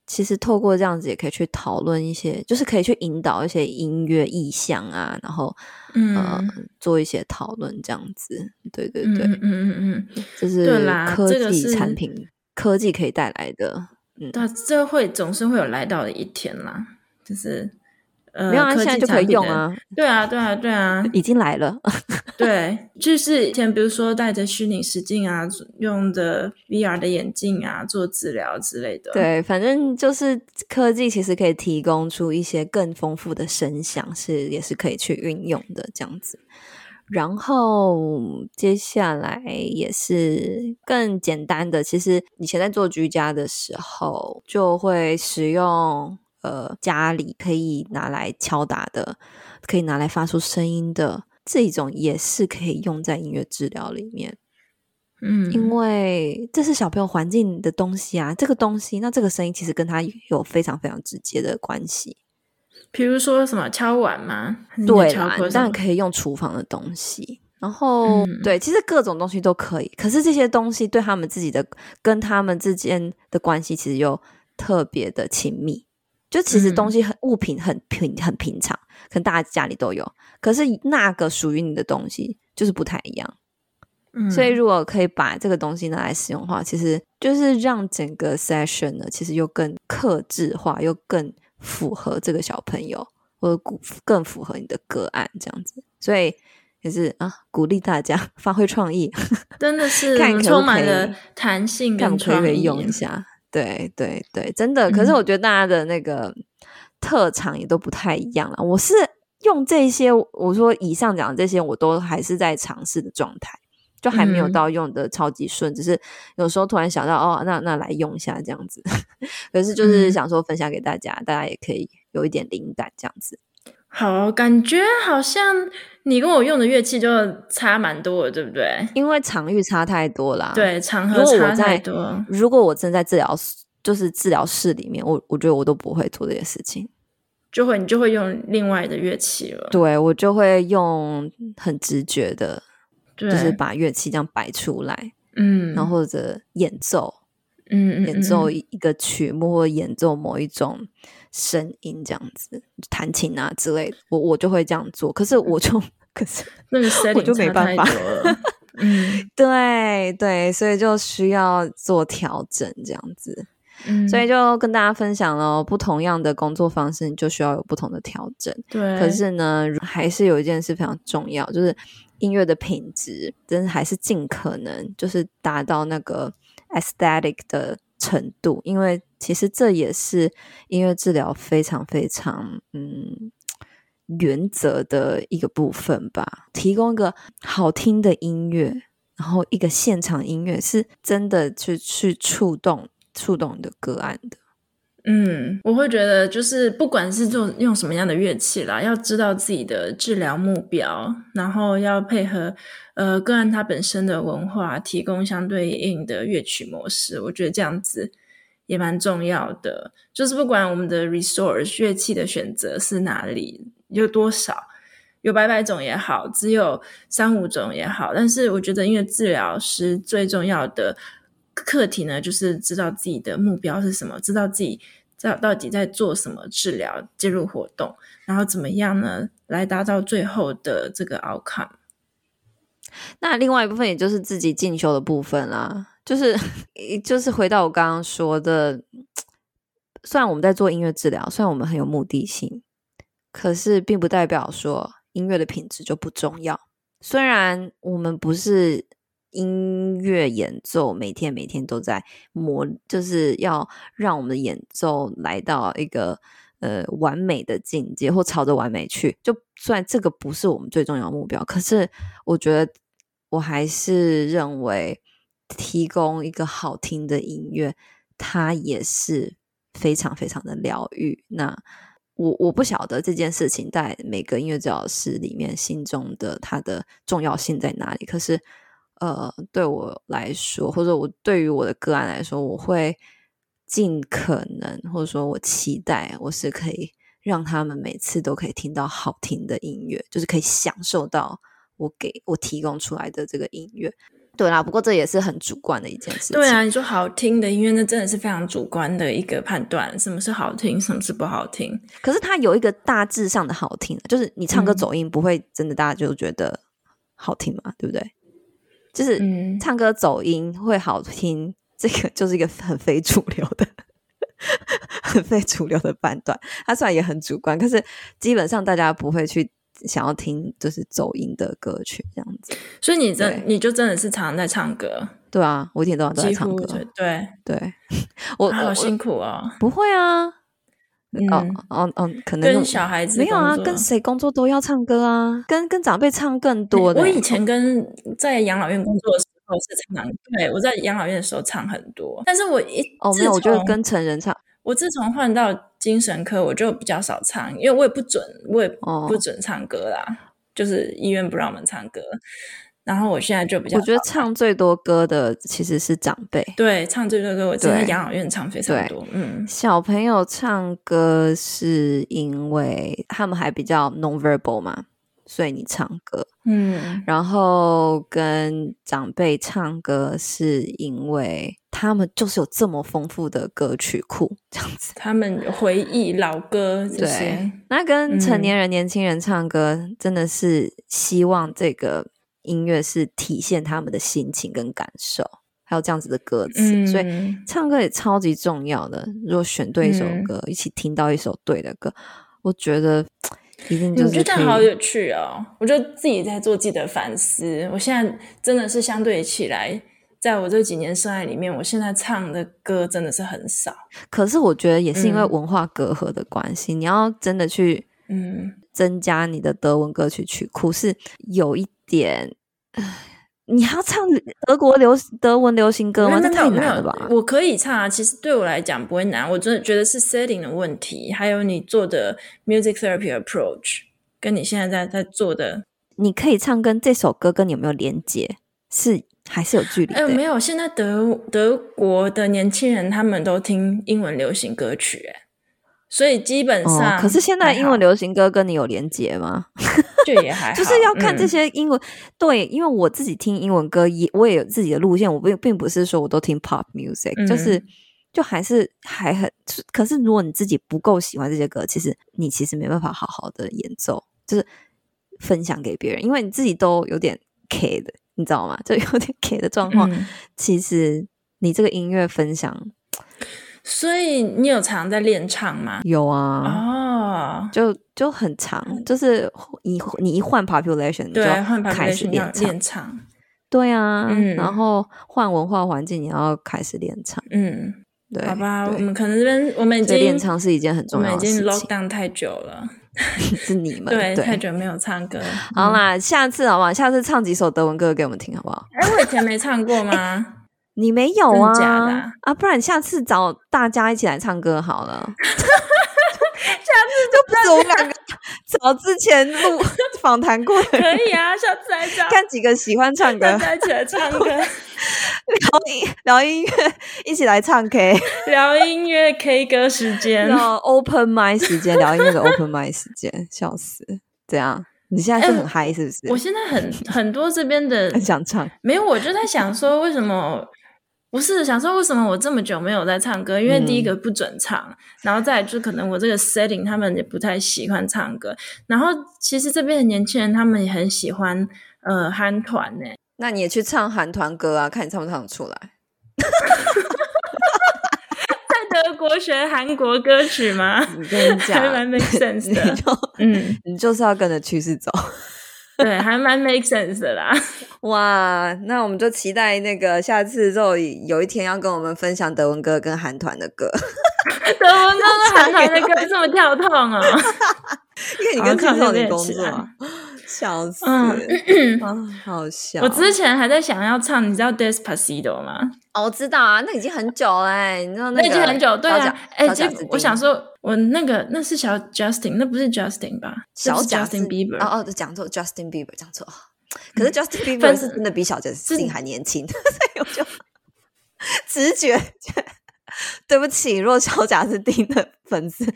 其實透過這樣子也可以去討論一些，就是可以去引導一些音樂意向啊，然後嗯、呃，做一些討論這樣子。對對對，嗯嗯嗯，這、嗯嗯就是科技產品，這個、科技可以帶來的。但、嗯、這會總是會有來到的一天啦，就是呃，沒有啊，現在就可以用啊，對啊，對啊，對啊，已經來了， 對，就是以前比如說戴着虛擬實境啊，用的 VR 的眼鏡啊，做治療之類的，對，反正就是科技其實可以提供出一些更豐富的聲響，是也是可以去運用的這樣子。然後接下來也是更簡單的，其實以前在做居家的時候，就會使用呃家裡可以拿來敲打的、可以拿來發出聲音的這一種，也是可以用在音樂治療裡面。嗯，因為這是小朋友環境的東西啊，這個東西，那這個聲音其實跟他有非常非常直接的關係。比如說什麼敲碗嘛，對，但可以用廚房的東西。然後、嗯、對，其實各種東西都可以。可是這些東西對他們自己的跟他們之間的關係，其實又特別的親密。就其實東西很、嗯、物品很平很平常，可能大家家裡都有。可是那個屬於你的東西，就是不太一樣、嗯。所以如果可以把這個東西拿來使用的話，其實就是讓整個 session 呢，其實又更客製化，又更。符合這個小朋友，或者鼓更符合你的個案這樣子，所以也是啊，鼓勵大家發揮創意，真的是感， 充滿了彈性，感覺可，可以用一下？對對對，對，真的、嗯。可是我覺得大家的那個特長也都不太一樣了。我是用這些，我說以上講的這些，我都還是在嘗試的狀態。就還沒有到用的超級順、嗯，只是有時候突然想到哦，那那來用一下這樣子。 可是就是想說分享給大家，嗯、大家也可以有一點靈感這樣子。好，感覺好像你跟我用的樂器就差蠻多的，對不對？因為場域差太多啦，對，場合差太多。如果我在，如果我正在治療，就是治療室裡面，我我覺得我都不會做這些事情，就會你就會用另外的樂器了。對，我就會用很直覺的。就是把樂器這樣擺出來，嗯，然後或者演奏，嗯，嗯，嗯，演奏一個曲目或者演奏某一種聲音這樣子，彈琴啊之類的，我我就會這樣做。可是我就可是那個聲音我就沒辦法， 嗯、對對，所以就需要做調整這樣子。 所以就跟大家分享了，不同樣的工作方式，你就需要有不同的調整。對，可是呢，還是有一件事非常重要，就是音樂的品質，真的還是盡可能就是達到那個 aesthetic 的程度，因為其實這也是音樂治療非常非常嗯原則的一個部分吧。提供一個好聽的音樂，然後一個現場音樂是真的去去觸動觸動的個案的，嗯，我會覺得就是不管是用用什麼樣的樂器啦，要知道自己的治療目標，然後要配合呃個案它本身的文化，提供相對應的樂曲模式。我覺得這樣子也蠻重要的。就是不管我們的 resource 樂器的選擇是哪裡，有多少，有百百種也好，只有三五種也好，但是我覺得因為治療是最重要的。課題呢，就是知道自己的目標是什麼，知道自己到底在做什麼治療介入活動，然後怎麼樣呢，來達到最後的這個 outcome。那另外一部分，也就是自己進修的部分啦，就是就是回到我剛剛說的，雖然我們在做音樂治療，雖然我們很有目的性，可是，並不代表說音樂的品質就不重要。雖然我們不是。音樂演奏，每天每天都在磨，就是要讓我們的演奏來到一個呃完美的境界，或朝着完美去。就算這個不是我們最重要的目標，可是我覺得我還是認為，提供一個好聽的音樂，它也是非常非常的療癒。那我我不曉得這件事情在每個音樂教師裡面心中的它的重要性在哪裡，可是。呃，對我來說，或者我對於我的個案來說，我會盡可能，或者說我期待，我是可以讓他們每次都可以聽到好聽的音樂，就是可以享受到我給我提供出來的這個音樂。對啦、啊，不過這也是很主觀的一件事。對啊，你說好聽的音樂，那真的是非常主觀的一個判斷，什麼是好聽，什麼是不好聽。可是它有一個大致上的好聽，就是你唱歌走音不會真的大家就覺得好聽嘛，嗯、對不對？就是唱歌走音會好聽，嗯，這個就是一個很非主流的、 很非主流的判斷。它雖然也很主觀，可是基本上大家不會去想要聽就是走音的歌曲這樣子。所以你真你就真的是常，常在唱歌？對啊，我一天到晚都在唱歌，對對，對 我好，好辛苦哦。不會啊。哦、嗯、哦哦，可能跟小孩子沒有啊，跟誰工作都要唱歌啊，跟跟長輩唱更多的、欸。我以前跟在養老院工作的時候、哦、是唱，對，我在養老院的時候唱很多，但是我一哦，自我就跟成人唱。我自從換到精神科，我就比較少唱，因為我也不准，我也不准唱歌啦，哦、就是醫院不讓我們唱歌。然後我現在就比較，我覺得唱最多歌的其實是長輩。對，唱最多歌，我在養老院唱非常多。嗯，小朋友唱歌是因為他們還比較 non-verbal 嘛，所以你唱歌。嗯，然後跟長輩唱歌是因為他們就是有這麼豐富的歌曲庫，這樣子。他們回憶老歌這些，對。那跟成年人、嗯、年輕人唱歌，真的是希望這個。音樂是體現他們的心情跟感受，還有這樣子的歌詞，嗯、所以唱歌也超級重要的。如果選對一首歌，嗯、一起聽到一首對的歌，我覺得一定就是覺得好有趣哦。我就自己在做自己的反思。我現在真的是相對起來，在我這幾年生涯裡面，我現在唱的歌真的是很少。可是我覺得也是因為文化隔閡的關係，嗯、你要真的去嗯增加你的德文歌曲曲庫是有一。點，你要唱德國流德文流行歌嗎？那沒有，這太難了吧！我可以唱啊，其實對我來講不會難。我真的覺得是 setting 的問題，還有你做的 music therapy approach，跟你現在在在做的，你可以唱跟這首歌跟你有沒有連接，是，還是有距離，欸欸？沒有，現在德德國的年輕人他們都聽英文流行歌曲，欸，所以基本上、哦，可是現在英文流行歌跟你有連接嗎？還好，就也還好 就是要看這些英文，嗯。對，因為我自己聽英文歌也，我也有自己的路線。我並，並不是說我都聽 pop music、嗯、就是就還是還很。可是如果你自己不夠喜歡這些歌，其實你其實沒辦法好好的演奏，就是分享給別人，因為你自己都有點 K 的，你知道嗎？就有點 K 的狀況，嗯、其實你這個音樂分享。所以你有常在練唱嗎？有啊，哦、oh.，就就很常，就是你你一換 population 對，換 population 就要開始練唱，練唱對啊，嗯，然後換文化環境你要開始練唱，嗯，對，好吧，我們可能這邊我們已經練唱是一件很重要的事情，我們已經 lockdown 太久了， 是你們對， 太久沒有唱歌 嗯，好嘛，下次好嘛，下次唱幾首德文歌給我們聽好不好？哎，欸，我以前沒唱過嗎？ 欸你沒有啊、嗯？啊，不然下次找大家一起來唱歌好了。 下次就不是我們兩個， 找之前錄訪談過的。 可以啊，下次來找看幾個喜歡唱歌，大家一起來唱歌， 聊,聊音聊音樂，一起來唱 K， 聊音樂 K 歌時間，然後 Open Mic 時間， 聊音樂的 Open Mic 時間，笑死！怎樣？你現在是很嗨、嗯、是不是？我現在很 很多這邊的很想唱，沒有，我就在想說為什麼。不是想說為什麼我這麼久沒有在唱歌？因為第一個不准唱，嗯、然後再來就可能我這個 setting 他們也不太喜歡唱歌。然後其實這邊的年輕人他們也很喜歡呃韓團呢。那你也去唱韓團歌啊？看你唱不唱得出來？ 在德國學韓國歌曲嗎？我跟你講，還蠻 make sense 的。你就嗯，你就是要跟着趨勢走。對，還蠻 make sense 的啦。哇，那我們就期待那個下次之後有一天要跟我們分享德文歌跟韓團的歌。 德文歌跟韓團的歌這麼跳動啊、喔？ 因為你跟志豪在工作。笑死、嗯 哦，好笑！我之前還在想要唱，你知道 Despacito 嗎？哦，我知道啊，那已經很久了，欸。你知道那個、 那已經很久了，對啊。哎，弟弟欸，我想說，我那個那是小 Justin，那不是 Justin 吧？小 Justin 是是 Justin Bieber 哦。哦哦，講錯 Justin Bieber，講錯。可是 Justin Bieber、嗯、是真的比小 Justin 還年輕，所以我就直覺。 對不起，若小賈斯汀的粉絲，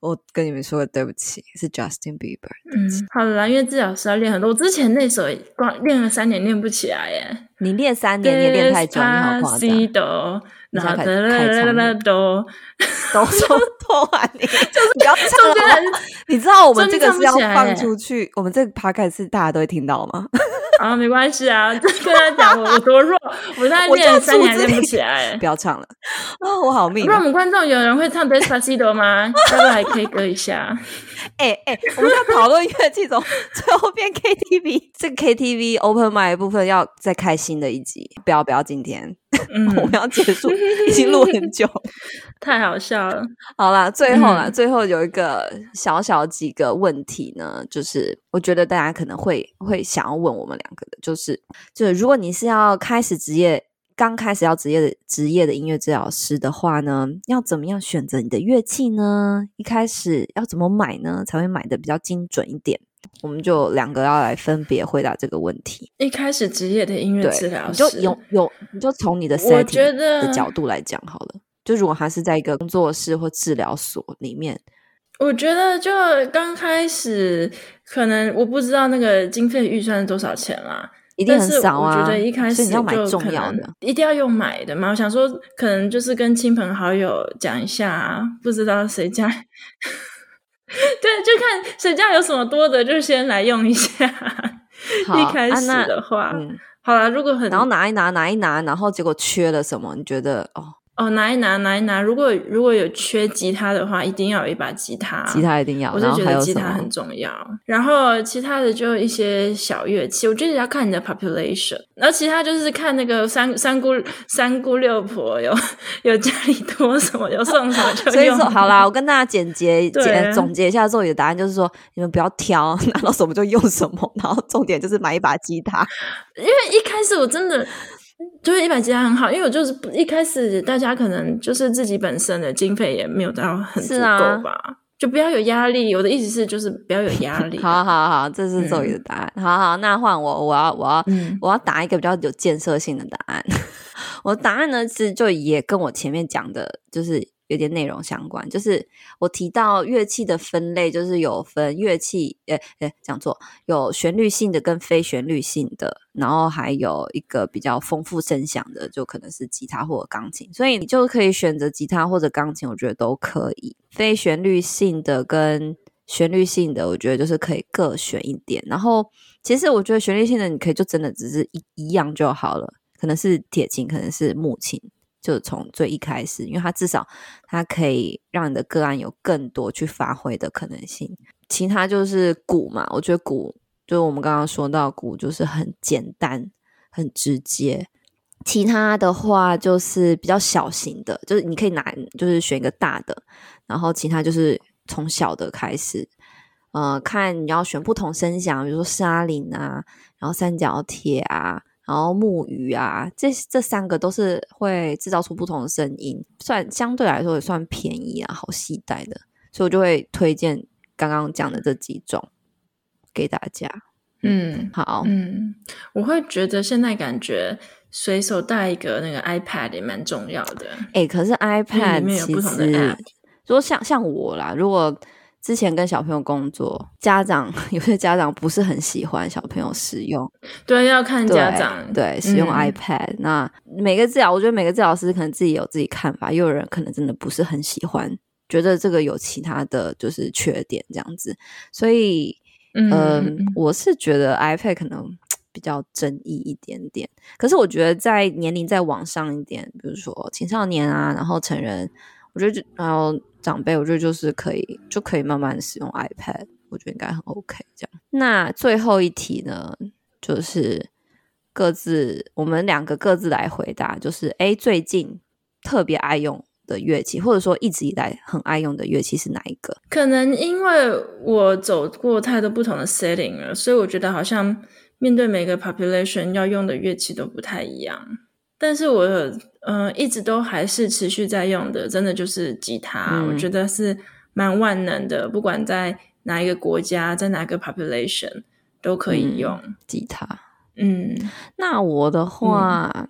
我跟你們說對不起，是 Justin Bieber。嗯，好的，因為至少是要練很多。我之前那首光練，練了三年，練不起來耶。你練三年你練太久，你好誇張。你然後開始開唱，都說拖完你就是不要唱了。你知道我們這個是要放出去，我們這個 podcast 大家都會聽到嗎？啊、哦，沒關係啊， 就跟他講我有多弱，我現在練三年練不起來。不要唱了，哦，我好命。那我們觀眾有人會唱《Despacito》嗎？大家來 K 歌一下。誒、欸、誒、欸、我們要討論樂器組最後變 KTV，這 個 KTV Open Mic 的部分要再開新的一集，不要不要今天。 我們要結束，已經錄很久， 太好笑了。好啦，最後啦，最後有一個小小幾個問題呢，嗯、就是我覺得大家可能會會想要問我們兩個的，就是就是如果你是要開始職業，剛開始要職業的職業的音樂治療師的話呢，要怎麼樣選擇你的樂器呢？一開始要怎麼買呢？才會買的比較精準一點？我們就兩個要來分別回答這個問題。一開始職業的音樂治療師，你就用有，有，你就從你的我覺得的角度來講好了。就如果他是在一個工作室或治療所裡面，我覺得就剛開始可能我不知道那個經費預算是多少錢啦，一定很少啊。但我覺得一開始就你要買重要的，一定要用買的嘛。我想說，可能就是跟親朋好友講一下啊，不知道誰家。 對，就看誰家有什麼多的，就先來用一下。 一開始的話，啊嗯，好啦，如果很然後拿一拿，拿一拿，然後結果缺了什麼，你覺得哦？哦，拿一拿，拿一拿。如果如果有缺吉他的話，一定要有一把吉他。吉他一定要，我就覺得吉他很重要。然後其他的就一些小樂器，我覺得要看你的 population。然後其他就是看那個三三姑三姑六婆有有家裡多什麼，有送什麼 所以說，好啦，我跟大家簡潔簡總結一下之後的答案，就是說你們不要挑，拿到什麼就用什麼。然後重點就是買一把吉他，因為一開始我真的。就是一百集還很好，因為我就是一開始大家可能就是自己本身的經費也沒有到很足夠吧是、啊，就不要有壓力。我的意思是就是不要有壓力。 好，好，好，這是周瑜的答案。嗯、好，好，那換我，我要，我要，我要答、嗯、一個比較有建設性的答案。 我答案呢，其實就也跟我前面講的，就是。有點內容相關，就是我提到樂器的分類，就是有分樂器，誒誒，講錯，有旋律性的跟非旋律性的，然後還有一個比較豐富聲響的，就可能是吉他或者鋼琴。所以你就可以選擇吉他或者鋼琴，我覺得都可以。非旋律性的跟旋律性的，我覺得就是可以各選一點。然後其實我覺得旋律性的，你可以就真的只是一一樣就好了，可能是鐵琴，可能是木琴。就從最一開始，因為它至少它可以讓你的個案有更多去發揮的可能性。其他就是鼓嘛，我覺得鼓就我們剛剛說到鼓，就是很簡單、很直接。其他的話就是比較小型的，就是你可以拿，就是選一個大的，然後其他就是從小的開始，呃，看你要選不同聲響，比如說沙鈴啊，然後三角鐵啊。然後木魚啊，這這三個都是會制造出不同的聲音，算相對來說也算便宜啊，好攜帶的，所以我就會推薦剛剛講的這幾種給大家嗯。嗯，好，嗯，我會覺得現在感覺隨手帶一個那個 iPad 也蠻重要的。哎、欸，可是 iPad 有不同的 app，如果像像我啦，如果之前跟小朋友工作，家長有些家長不是很喜歡小朋友使用，對，對要看家長對，對使用 iPad、嗯。那每個治療啊，我覺得每個治療師可能自己有自己看法，又有人可能真的不是很喜歡，覺得這個有其他的就是缺點這樣子。所以、呃，嗯，我是覺得 iPad 可能比較爭議一點點。可是我覺得在年齡再往上一點，比如說青少年啊，然後成人。我覺得就然後長輩，我覺得就是可以，就可以慢慢使用 iPad，我覺得應該很 OK 這樣。那最後一題呢，就是各自，我們兩個各自來回答，就是誒最近特別愛用的樂器，或者說一直以來很愛用的樂器是哪一個？可能因為我走過太多不同的 setting 了，所以我覺得好像面對每個 population 要用的樂器都不太一樣。但是我嗯、呃、一直都還是持續在用的，真的就是吉他、嗯，我覺得是蠻萬能的，不管在哪一個國家，在哪個 population 都可以用、嗯、吉他。嗯，那我的話，嗯、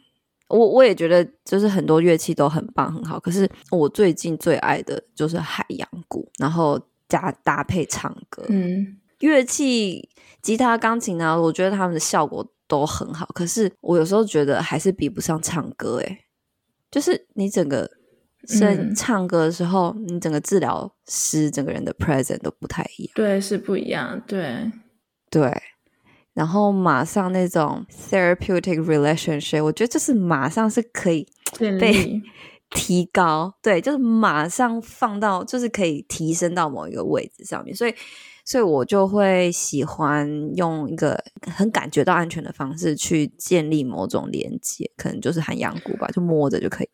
我我也覺得就是很多樂器都很棒很好，可是我最近最愛的就是海洋鼓，然後加搭配唱歌。嗯，樂器吉他、鋼琴啊，我覺得他們的效果。都很好，可是我有時候覺得還是比不上唱歌誒，就是你整個在唱歌的時候、嗯，你整個治療師整個人的 presence 都不太一樣，對，是不一樣，對對，然後馬上那種 therapeutic relationship，我覺得就是馬上是可以被 提高，對，就是馬上放到就是可以提升到某一個位置上面，所以。所以我就會喜歡用一個很感覺到安全的方式去建立某種連接，可能就是海洋鼓吧，就摸着就可以。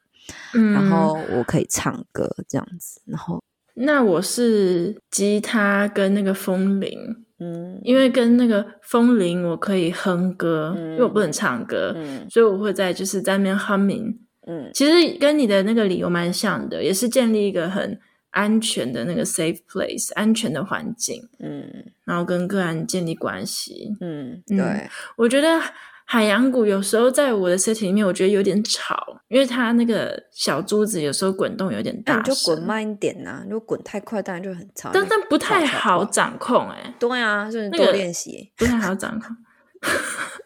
嗯、然後我可以唱歌這樣子。然後那我是吉他跟那個風鈴，嗯，因為跟那個風鈴我可以哼歌，嗯、因為我不能唱歌、嗯，所以我會在就是在那邊哼鳴。嗯，其實跟你的那個理由蠻像的，也是建立一個很。安全的那個 safe place 安全的環境，嗯，然後跟個案建立關係，嗯，嗯，對，我覺得海洋鼓有時候在我的身體裡面，我覺得有點吵，因為它那個小珠子有時候滾動有點大，哎，你就滾慢一點吶，啊，如果滾太快，當然就很吵，但但不太好掌控，欸，哎，對啊，就是多練習，欸那個，不太好掌控。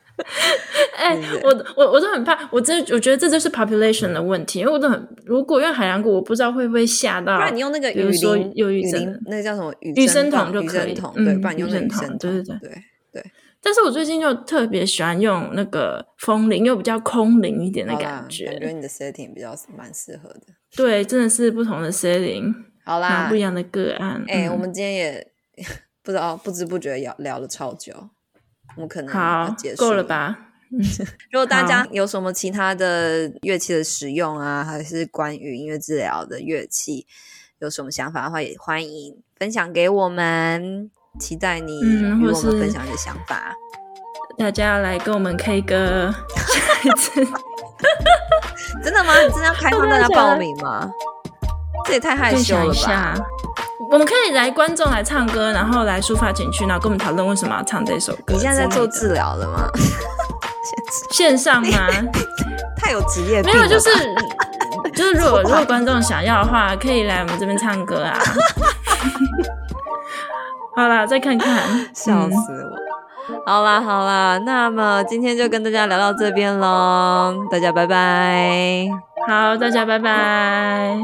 哎、 欸， 我我我都很怕，我真我覺得這就是 population 的問題，因為我都很，如果用海洋鼓，我不知道會不會嚇到。不然你用那個，比如說有雨鈴，那個叫什麼雨雨聲筒就可以，對，不然用雨聲筒對對對對，對但是我最近就特別喜歡用那個風鈴，又比較空靈一點的感覺。我覺得你的 setting 比較蠻適合的。對，真的是不同的 setting，好啦，不一樣的個案。哎、欸、嗯、欸，我們今天也不知道不知不覺聊聊了超久。我們可能要結束，好，夠了吧。如果大家有什麼其他的樂器的使用啊，還是關於音樂治療的樂器，有什麼想法的話，也歡迎分享給我們。期待你嗯，與我們分享你的想法。嗯、大家來跟我們 K 歌， 真的嗎？你真的要開放大家報名嗎？這也太害羞了吧！ 我們可以來觀眾來唱歌，然後來抒發情緒，然後跟我們討論為什麼要唱這首歌。你現在在做治療了嗎？線上嗎？太有職業病了。沒有，就是就是如，如果如果觀眾想要的話，可以來我們這邊唱歌啊！ 好啦，再看看，笑死我！嗯、好啦好啦，那麼今天就跟大家聊到這邊嘍，大家拜拜！好，大家拜拜。